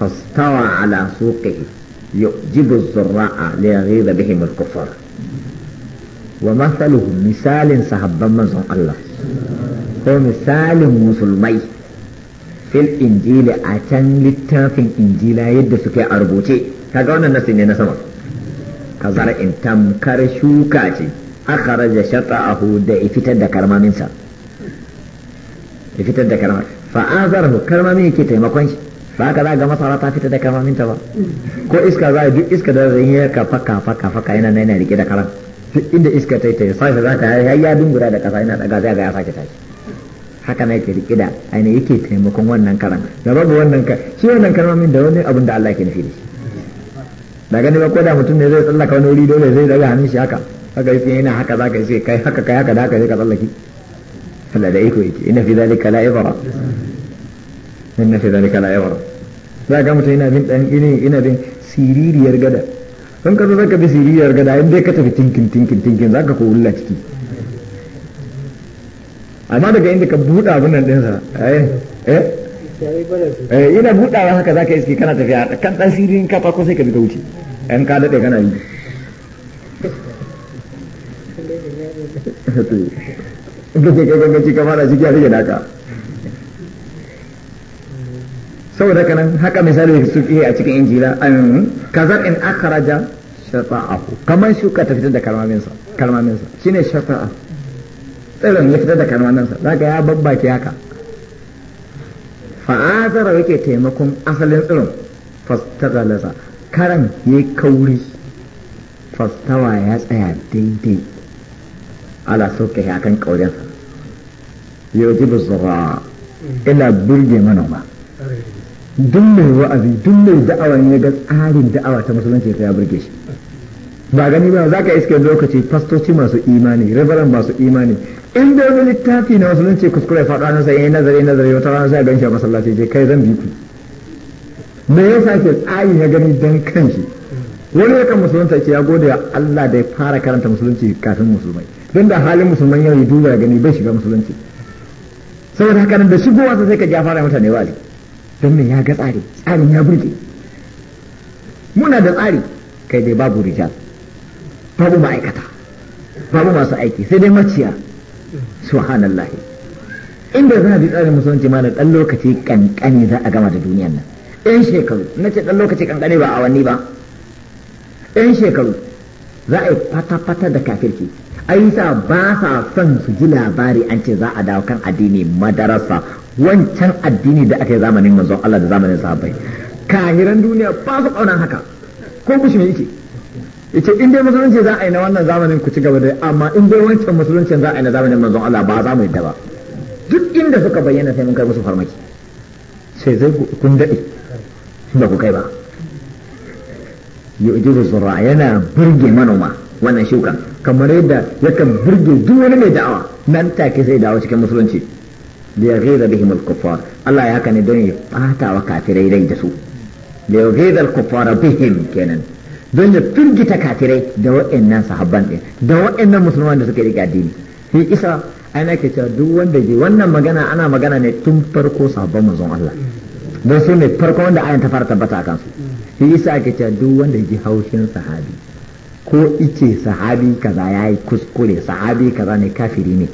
فاستوى على سوقه يؤجب الزراء ليغيظ بهم الكفر ومثله مثال صحب من الله هو مثال مسلمي في الإنجيل أتن للتاف إنجيل يدسك أربوتي كذا أنا نسيني نسمع كذا إن تمكر شوكاتي akharaja shata'ahu da ifitar da karmaminsa ifitar da karmamin fa azarhu karmamin yake taimakon shi ba ka za ga masara ta fitar da karmaminta ba ko iska za duk iska da zan yi ka faka faka faka yana nan yana rike da karan inda iska ta yi ta yi sai za ta yi ya dungura da kasa yana daga zai ga ya sake tashi haka na yake rike da aini yake taimakon wannan karan da babu wannan ka shi wannan karmamin da wani abin da Allah ke nufi da shi da gani ba ko da mutum ne zai tsallaka wani wuri dole zai daga hannun shi haka haka yake yana haka za ka kai haka kai haka da haka ka tsallaki Allah da iko yake ina fi zalika la ibra inna fi zalika la ibra za ga mutum ina bin dan ina ina bin siririyar gada don ka zaka bi siririyar gada in dai ka tafi tinkin tinkin tinkin zaka ko wulla ciki amma daga inda ka buɗa abin nan ɗinsa eh eh, eh ina buɗawa haka zaka iske kana tafiya kan dan siririn kafa ko sai ka bi ka wuce ɗan ka daɗe kana yi inda ke kai gangaci kama da shi a cikin naka saboda haka nan haka misali su a cikin injila an kazar in akhraja shata'ahu kamar shuka ta fitar da kalmaminsa kalmaminsa shine shata'a tsirin ya fitar da kalmaminsa zaka ya babbake haka fa'azara yake taimakon asalin tsirin fastaghalasa karan ya kauri fastawa ya tsaya daidai ala sauke a kan ƙauyensa ya ji ina burge manoma duk mai wa'azi duk mai da'awa ne ga tsarin da'awa ta musulunci ya burge shi ba gani ba za ka iske lokaci fastoci masu imani rabaran masu imani in da wani littafi na musulunci kuskure faɗa na sai nazari nazari wata rana sai gan shi a masallaci je kai zan bi ku me yasa ke tsari ya gani dan kanshi wani yakan musulunta ce ya gode Allah da ya fara karanta musulunci kafin musulmai don da halin musulman yau ya duba ya gani bai shiga musulunci saboda haka nan da shigowa sa sai ka ja fara mutane wali don me ya ga tsari tsarin ya burge muna da tsari kai dai babu rijal babu ma'aikata babu masu aiki sai dai maciya subhanallah inda za a bi tsarin musulunci ma da ɗan lokaci kankani za a gama da duniyan nan ɗan shekaru na ce ɗan lokaci kankani ba a awanni ba ɗan shekaru za a yi fata-fata da kafirki aisha ba sa son su ji labari an ce za a dawo kan addini madarasa wancan addini da aka yi zamanin manzon Allah da zamanin sahabbai kahiran duniya ba su kaunan haka ko ku shi yake yace in dai musulunci za a yi na wannan zamanin ku ci gaba da amma in dai wancan musulunci za a yi na zamanin manzon Allah ba za mu yi ba duk inda suka bayyana sai mun kai musu farmaki sai zai kun dade ba ku kai ba Yau yu'jizu zura yana burge manoma wannan shuka kamar yadda yakan burge duk wani mai da'awa nan take sai da'awa cikin musulunci da ya gaza bihim al-kuffar Allah ya haka ne don ya fata wa kafirai rai da su da ya gaza al-kuffar bihim kenan don ya firgita kafirai da wa'annan sahabban din da wa'annan musulman da suka rike addini shi isa ana ke cewa duk wanda ke wannan magana ana magana ne tun farko sahabban manzon Allah don su ne farko wanda ayan ta fara tabbata a kansu shi isa ake cewa duk wanda ji haushin sahabi ko ice sahabi kaza ya yi kuskure sahabi kaza ne kafiri ne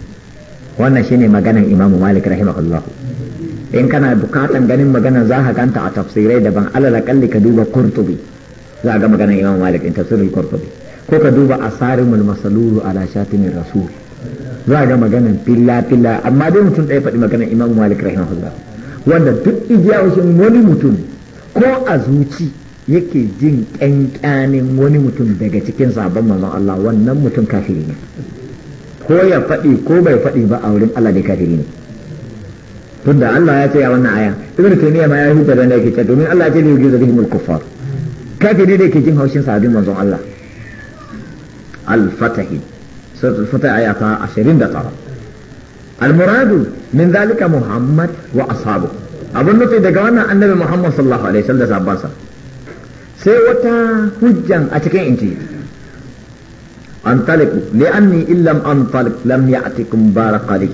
wannan shine maganan imamu malik rahimahullahu in kana bukatan ganin maganan za ka ganta a tafsirai daban alal kalli ka duba qurtubi za ga maganan imamu malik in tafsirul qurtubi ko ka duba asarimul masalulu ala shatimin rasul za ga maganan filla filla amma dai mutum ɗaya faɗi maganan imamu malik rahimahullahu wanda duk ijiyawashin wani mutum ko a yake jin ƙanƙanin wani mutum daga cikin sabon manzon Allah wannan mutum kafiri ne ko ya faɗi ko bai faɗi ba a wurin Allah dai kafiri ne tunda Allah ya ce a wannan aya ibnu taymiya ma ya huta da yake ce domin Allah ya ce ne yujizu bihimul kuffar kafiri ne ke jin haushin sabon manzon Allah al-fatahi al fatah aya ta 29 al-muradu min zalika muhammad wa ashabu abun nufi daga wannan annabi muhammad sallallahu alaihi wasallam da sahabbansa sai wata hujjan a cikin inji an taliku li anni illam an talik lam ya bara kari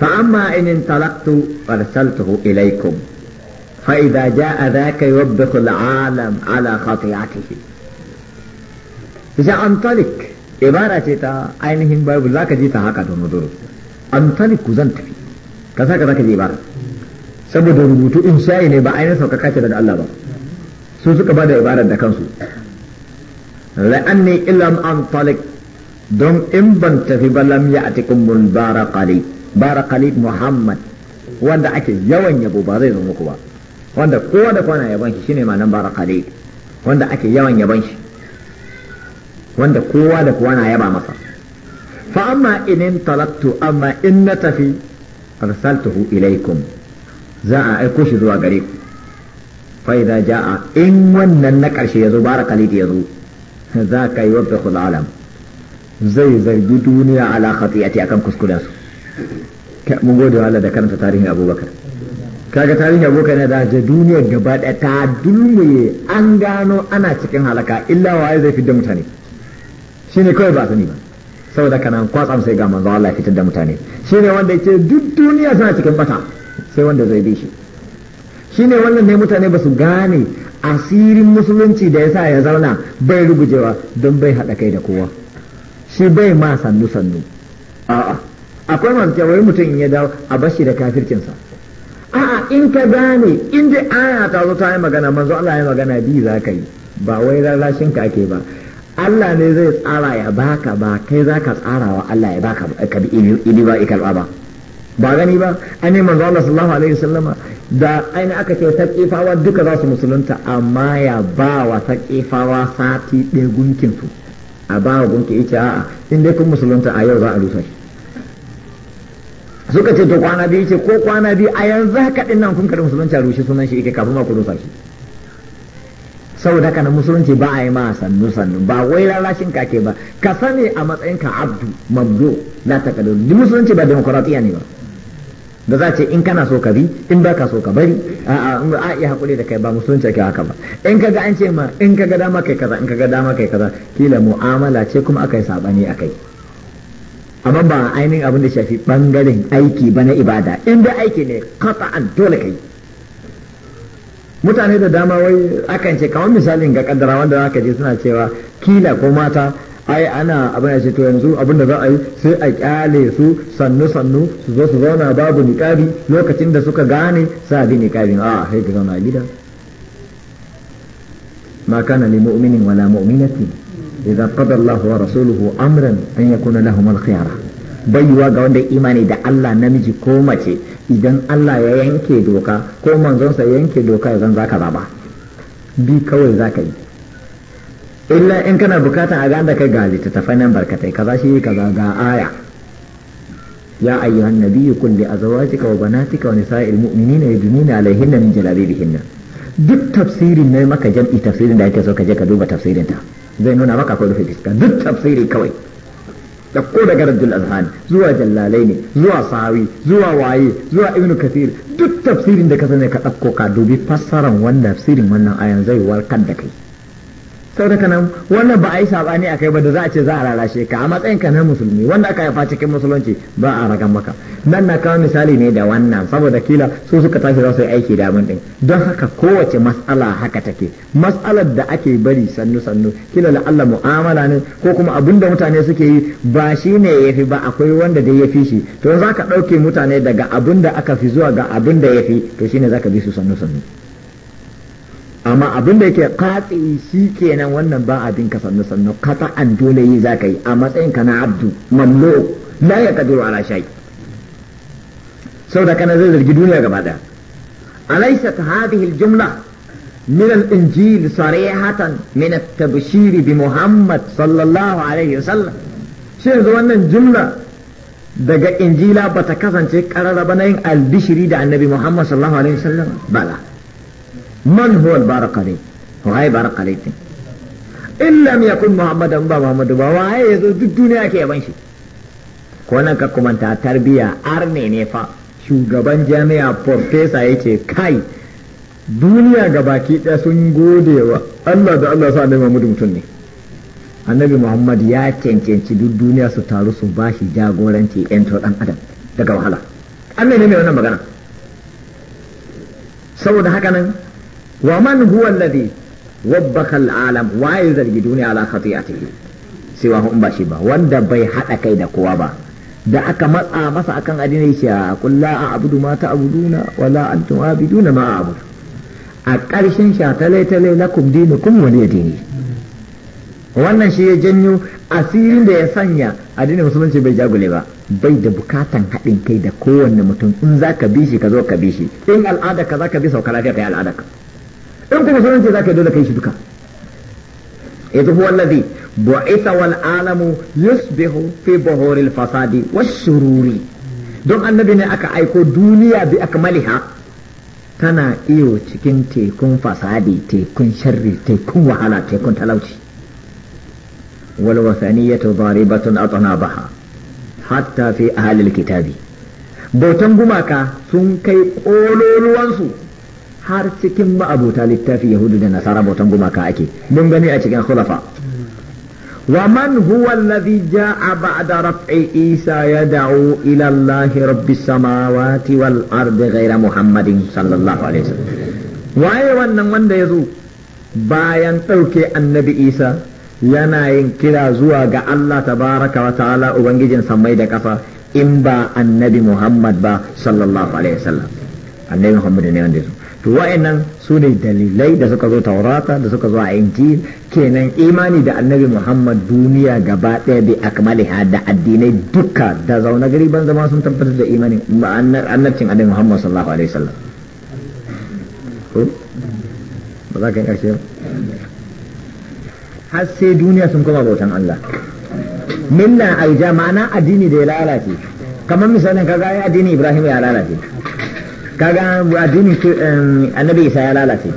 fa amma in intalaqtu arsaltuhu ilaykum fa idza jaa dhaka yubdhu al'alam ala khati'atihi idan an talik ibara ce ta ainihin bible zaka ji ta haka don duro an talik ku zan tafi kasa ka zaka ji ibara saboda rubutu in sha'i ne ba ainihin sauka kace daga Allah ba su suka ba da ibarar da kansu la'anni illam an talik don in ban tafi ba lam ya atikun mun bara qalib muhammad wanda ake yawan yabo ba zai zo muku ba wanda kowa da kwana yaban shi shine malam bara qalib wanda ake yawan yaban shi wanda kowa da kowa na yaba masa fa amma in talaktu amma in na tafi arsaltuhu ilaikum za a aiko shi zuwa gare ku fa'iza ja'a in wannan na ƙarshe ya zo bara kalid ya zo za ka yi wabda alam zai zargi duniya ala khatiyati akan kuskuren su mun gode wa Allah da karanta tarihin abubakar kaga tarihin abubakar ne da ga duniyar gaba ta dulmuye an gano ana cikin halaka illa waye zai fidda mutane shine kawai ba sani ba saboda kanan kwatsam sai ga manzo Allah fitar da mutane shine wanda yake duk duniya suna cikin bata sai wanda zai bi shi shine wannan ne mutane ba su gane asirin musulunci da ya sa ya zauna bai rugujewa don bai haɗa kai da kowa shi bai ma sannu sannu a'a akwai masu kyawai wai mutum ya dawo a bashi da kafircinsa a'a in ka gane in dai aya ta zo ta yi magana manzo Allah ya magana bi za ka yi ba wai lalashin ka ake ba Allah ne zai tsara ya baka ba kai za ka tsara wa Allah ya baka ka bi ba ba ba gani ba an yi manzo Allah sallallahu alaihi wasallama da aini aka ce taqifawa duka za su musulunta amma ya ba wa taqifawa sati ɗaya gunkin su a ba wa gunki yace a'a in dai kun musulunta a yau za a rusa shi suka ce to kwana biyu ce ko kwana biyu a yanzu haka din nan kun kada musulunci a rushe sunan shi yake kafin ma ku rusa shi saboda haka na musulunci ba a yi ma sannu sannu ba wai lalashin ka ke ba ka sani a matsayinka abdu mamdo la takadu musulunci ba demokratiya ne ba da za ce in kana so ka bi in ba ka so ka bari a a iya hakuri da kai ba musulunci ake haka ba in ka ga an ce ma in ka ga dama kai kaza in ka ga dama kai kaza kila mu'amala ce kuma akai sabani akai amma ba ainihin abin da shafi bangaren aiki ba na ibada in da aiki ne qata'an dole kai mutane da dama wai akan ce kamar misalin ga kaddara wanda aka je suna cewa kila ko mata ai ana abin ya ce to yanzu abin da za a yi sai a kyale su sannu sannu su zo su zauna babu niqabi lokacin da suka gane sa bi niqabin a ah, sai ka zauna gida ma kana li mu'minin wala mu'minati idza qada allahu wa rasuluhu amran an yakuna lahum al-khiyara baiwa ga wanda imani da Allah namiji ko mace idan Allah ya yanke doka ko manzonsa ya yanke doka yanzu zaka zaba bi kawai zaka yi illa in kana bukata a ganda kai ga littattafai nan barkatai kaza shi kaza ga aya ya ayyuhan nabiyyu kun li azwajika wa banatika wa nisa'il mu'minina yadnina alaihinna min jalabibihinna duk tafsirin ne maka jam'i tafsirin da ake so ka je ka duba tafsirin ta zai nuna maka ko rufe fiska duk tafsiri kawai da ko daga rajul azhan zuwa jallalai ne zuwa sawi zuwa waye zuwa ibnu kathir duk tafsirin da ka sani ka dauko ka dubi fassaran wannan tafsirin wannan ayan zai warkar da kai saboda nan wannan ba a yi sabani a kai ba da za a ce za a rarashe ka a matsayin ka na musulmi wanda aka haifa cikin musulunci ba a ragan maka nan na kawo misali ne da wannan saboda kila su suka tashi za su yi aiki da mun din don haka kowace mas'ala haka take mas'alar da ake bari sannu sannu kila la Allah mu'amala ne ko kuma abin da mutane suke yi ba shi ne yafi ba akwai wanda dai yafi shi to za ka dauke mutane daga abin da aka fi zuwa ga abin da yafi to shine za ka bi su sannu sannu amma abin da yake katsi shi kenan wannan ba abin ka sannu sannu kata an dole yi za ka yi a matsayin ka na abdu mallo la ya kadiru ala shai saboda kana zai zargi duniya gaba daya alaysat hadhihi aljumla min al-injil sarihatan min at-tabshir bi muhammad sallallahu alayhi wa sallam shi yanzu wannan jumla daga injila bata kasance karara na yin albishiri da annabi muhammad sallallahu alaihi wasallam bala man huwa al-barqali wai barqali din in lam yakun muhammadan ba muhammadu ba waye yazo duk duniya ke yaban shi ko nan ka kumanta tarbiya arne ne fa shugaban jami'a professor yace kai duniya ga baki ɗaya sun gode wa Allah da Allah sa annabi mutum ne annabi Muhammad ya cancanci duk duniya su taru su ba shi jagoranci yan dan adam daga wahala annabi ne mai wannan magana saboda haka nan wa man huwa alladhi wabbaka al'alam waye zargi duniya ala khati'atihi sai wa ba shi ba wanda bai hada kai da kowa ba da aka matsa masa akan addini shi qul la a'budu ma ta'buduna wa la antum a'buduna ma a'budu a ƙarshen sha tale tale lakum dinukum wa dini wannan shi ya janyo asirin da ya sanya addinin musulunci bai jagule ba bai da bukatan haɗin kai da kowanne mutum in za ka bi shi ka zo ka bi shi in al'ada ka za ka bi sauka lafiya ka yi al'ada in kuma shirin za ka yi dole kai shi duka إذ هو الذي بعث والعالم يصبح في بحور الفساد والشرور don annabi ne aka aiko duniya bi akmaliha tana iyo cikin tekun fasadi tekun sharri tekun wahala tekun talauci wal wasaniyatu dharibatun atnabaha hatta fi ahli alkitabi bautan gumaka sun kai kololuwansu har cikin ma'abuta littafi yahudu da nasara bautan gumaka ake mun gani a cikin khulafa wa man huwa alladhi jaa ba'da raf'i isa yad'u ila allah rabbis samawati wal ardi ghayra muhammadin sallallahu alaihi wasallam waye wannan wanda yazo bayan dauke annabi isa yana yin kira zuwa ga Allah tabaraka wa ta'ala ubangijin samai da kafa in ba annabi Muhammad ba sallallahu alaihi wasallam annabi Muhammad ne wanda yazo to wa'annan su ne dalilai da suka zo taurata da suka zo a injil kenan imani da annabi muhammad duniya gaba ɗaya bai akmaliha da addinai duka da zaune gari ban zama sun tabbatar da imanin annabcin annabi muhammad sallallahu alaihi wasallam ba za ka yi ƙarshe har sai duniya sun koma bautan allah minna aljama na addini da ya lalace kamar misalin kaga addini ibrahim ya lalace kaga addinin annabi isa ya lalace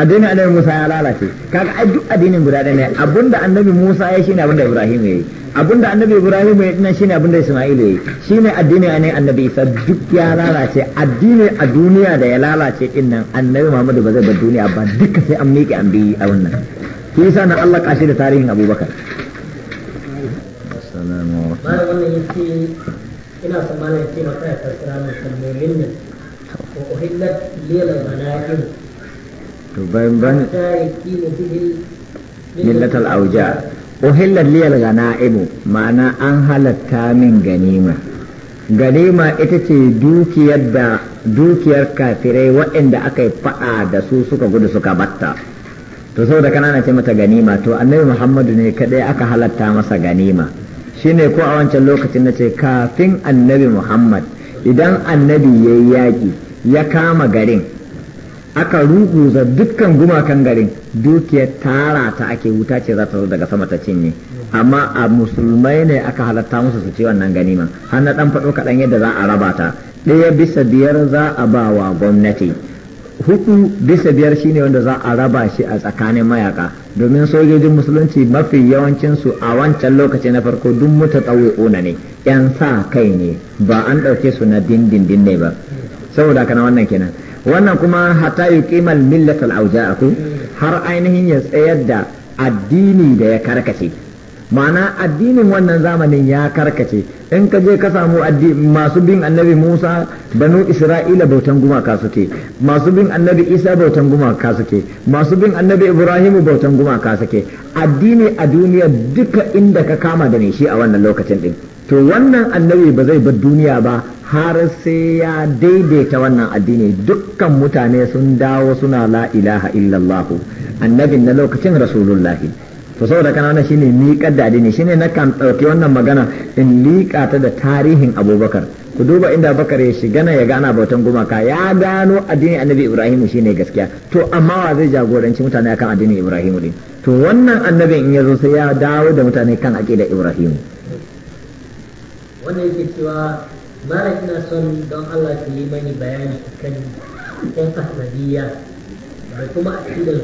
addinin annabi musa ya lalace kaga ai duk addinin guda ɗaya ne abinda annabi musa ya shine abinda ibrahim ya yi abinda annabi ibrahim ya yi shine abinda isma'il ya yi shine addinin ne annabi isa duk ya lalace addini a duniya da ya lalace din nan annabi muhammadu ba zai bar duniya ba duka sai an miƙe an bi a wannan kisa na allah kashi da tarihin abubakar ina tsammanin cewa kai ya fassara mai kalmomin nan وأحلت للمناعم تبين بن ma'ana an أحلت min الغنائم معنى أن ganima ita ce dukiyar da dukiyar kafirai waɗanda aka faɗa da su suka gudu suka bata to saboda kanana ce mata ganima to annabi muhammadu ne kadai aka halatta masa ganima shine ko a wancan lokacin na ce kafin annabi muhammad idan annabi ya yi yaƙi ya kama garin aka ruguza dukkan gumakan garin dukiyar tara ta ake wuta ce za ta zo daga sama ta cinye amma a musulmai ne aka halatta musu su ce wannan ganima har na dan faɗo kaɗan yadda za a raba ta ɗaya bisa biyar za a ba wa gwamnati hudu bisa biyar shine wanda za a raba shi a tsakanin mayaka domin sojojin musulunci mafi yawancinsu a wancan lokaci na farko duk tsawo ne yan sa kai ne ba an ɗauke su na dindindin ne ba saboda kana wannan kenan wannan kuma hatta yuqimal millatal auja ku har ainihin ya tsayar da addini da ya karkace ma'ana addinin wannan zamanin ya karkace in ka je ka samu masu bin annabi musa banu isra'ila bautan gumaka suke masu bin annabi isa bautan gumaka suke masu bin annabi ibrahim bautan gumaka suke addini a duniya duka inda ka kama da ne shi a wannan lokacin din to wannan annabi ba zai bar duniya ba har sai ya daidaita wannan addini dukkan mutane sun dawo suna la ilaha illallah annabin na lokacin rasulullah to saboda kana wannan shine miƙar da addini shine na kan dauki wannan magana in liƙa ta da tarihin abubakar ku duba inda bakar ya shiga na ya gana bautan gumaka ya gano addini annabi ibrahim shine gaskiya to amma wa zai jagoranci mutane akan addini ibrahim din to wannan annabin in ya zo sai ya dawo da mutane kan da ibrahim wannan yake cewa mara ina son don Allah ki yi mani bayani kan kan ahmadiyya da kuma aqidar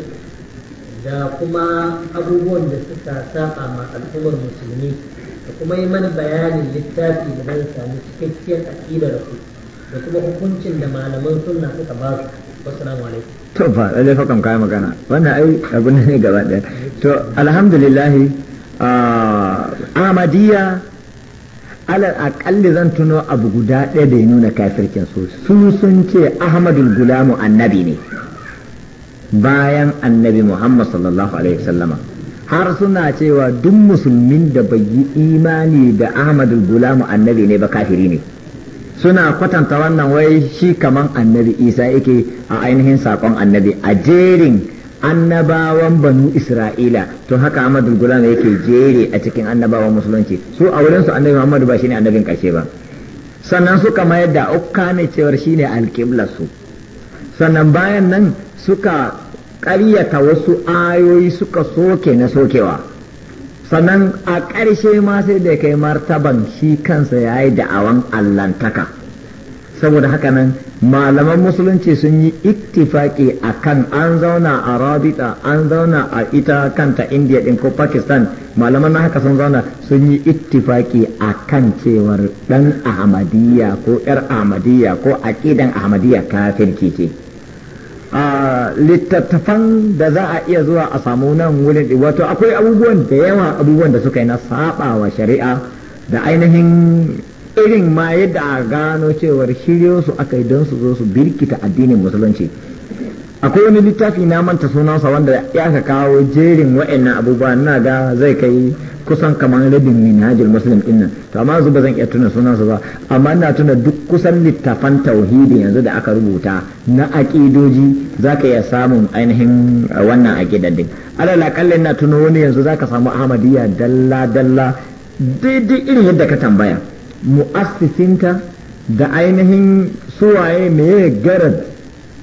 da kuma abubuwan da suka saba ma al'ummar musulmi da kuma yi mana bayanin littafi da zai sami cikakkiyar aqidar ku da kuma hukuncin da malaman sunna suka ba su assalamu alaikum to ba lalle fa kam kai magana wannan ai abu ne gaba daya to alhamdulillah ah, ahmadiyya alal aƙalli zan tuno abu guda ɗaya da ya nuna kafirkin su su sun ce ahmadul gulamu annabi ne bayan annabi muhammad sallallahu alaihi wasallama har suna cewa duk musulmin da bai yi imani da ahmadul gulamu annabi ne ba kafiri ne suna kwatanta wannan wai shi kaman annabi isa yake a ainihin saƙon annabi a jerin annabawan banu isra'ila to haka amadu gulam yake jere a cikin annabawan musulunci su a wurin su annabi muhammadu ba shine annabin karshe ba sannan suka mayar da ukka ne cewar shine alqibla su sannan bayan nan suka ƙaryata wasu ayoyi suka soke na sokewa sannan a ƙarshe ma sai da kai martaban shi kansa yayi da'awan allantaka saboda haka nan malaman musulunci sun yi ittifaki a kan an zauna a rabita an zauna a ita kanta indiya din ko pakistan malaman na haka sun zauna sun yi ittifaki a kan cewar dan ahmadiyya ko yar ahmadiyya ko aqidan ahmadiyya kafirki ce a littattafan da za a iya zuwa a samu nan wurin wato akwai abubuwan da yawa abubuwan da suka yi na saɓawa shari'a da ainihin irin ma yadda a gano cewar shiryo su aka yi don su zo su birkita addinin musulunci akwai wani littafi na manta sunansa wanda ya ka kawo jerin wa'annan abubuwa na ga zai kai kusan kamar rabin minhajul muslim din nan to amma yanzu ba zan iya tuna sunansa ba amma na tuna duk kusan littafan tauhidi yanzu da aka rubuta na za ka iya samun ainihin wannan ake din alal akalla ina wani yanzu za ka samu ahmadiyya dalla dalla daidai irin yadda ka tambaya mu'assisinka da ainihin suwaye meye garad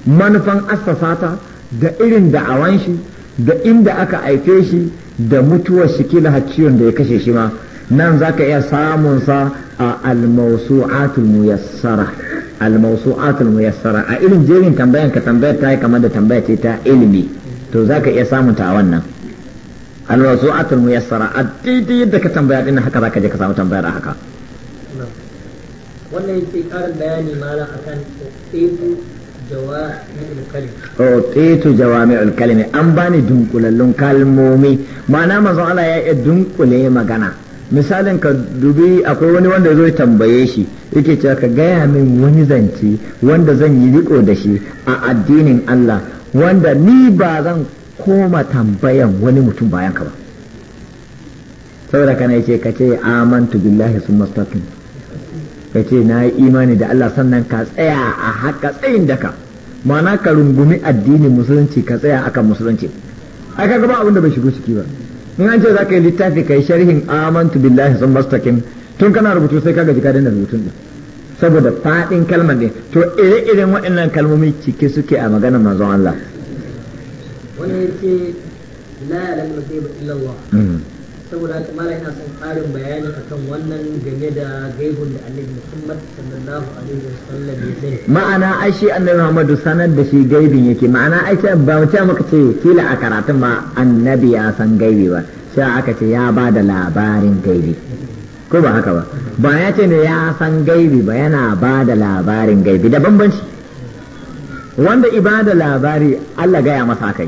manufan asfasata da irin da'awan shi da inda aka aike shi da mutuwar shi kila ciwon da ya kashe shi ma nan za ka iya samun sa a almausu'atul muyassara a irin jerin tambayan ka tambayar ta yi kamar da tambaya ce ta ilimi to za ka iya samun a wannan almausu'atul muyassara a titi yadda ka tambaya din haka za ka je ka samu tambayar a haka wannan yake karin bayani mala akan teku Tetu jawami'ul kalimi an bani dunkulallun kalmomi ma'ana manzon Allah ya iya dunkule magana misalin ka dubi akwai wani wanda zai tambaye shi yake cewa ka gaya min wani zance wanda zan yi riko da shi a addinin Allah wanda ni ba zan koma tambayan wani mutum bayan ka ba saboda kana yace ka ce amantu billahi sun mastaqim ka ce na yi imani da Allah sannan ka tsaya a haka tsayin daka ma'ana ka rungumi addinin musulunci ka tsaya akan musulunci ai kaga ba abin da bai shigo ciki ba in an ce za ka yi littafi ka yi sharhin amantu billahi sun mastakin tun kana rubutu sai ka kaga ka daina rubutun din saboda faɗin kalmar ne to ire-iren waɗannan kalmomi ciki suke a maganar manzon Allah wani yace la ilaha illallah hmm. saboda haka mala ina son ƙarin bayani akan wannan game da gaibun da annabi muhammad sallallahu alaihi wasallam ya sani ma'ana ai shi annabi muhammadu sanar da shi gaibin yake ma'ana ai ba mu ce muka ce kila a karatun ba annabi ya san gaibi ba sai aka ce ya ba da labarin gaibi ko ba haka ba ba ya ce ne ya san gaibi ba yana ba da labarin gaibi da bambanci wanda ibada labari Allah gaya masa kai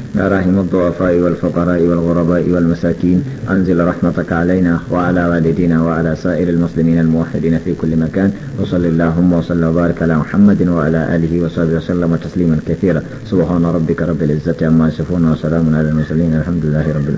يا راحم الضعفاء والفقراء والغرباء والمساكين أنزل رحمتك علينا وعلى والدينا وعلى سائر المسلمين الموحدين في كل مكان وصل اللهم وصل وبارك على محمد وعلى آله وصحبه وسلم تسليما كثيرا سبحان ربك رب العزة عما يصفون وسلام على المسلمين الحمد لله رب العالمين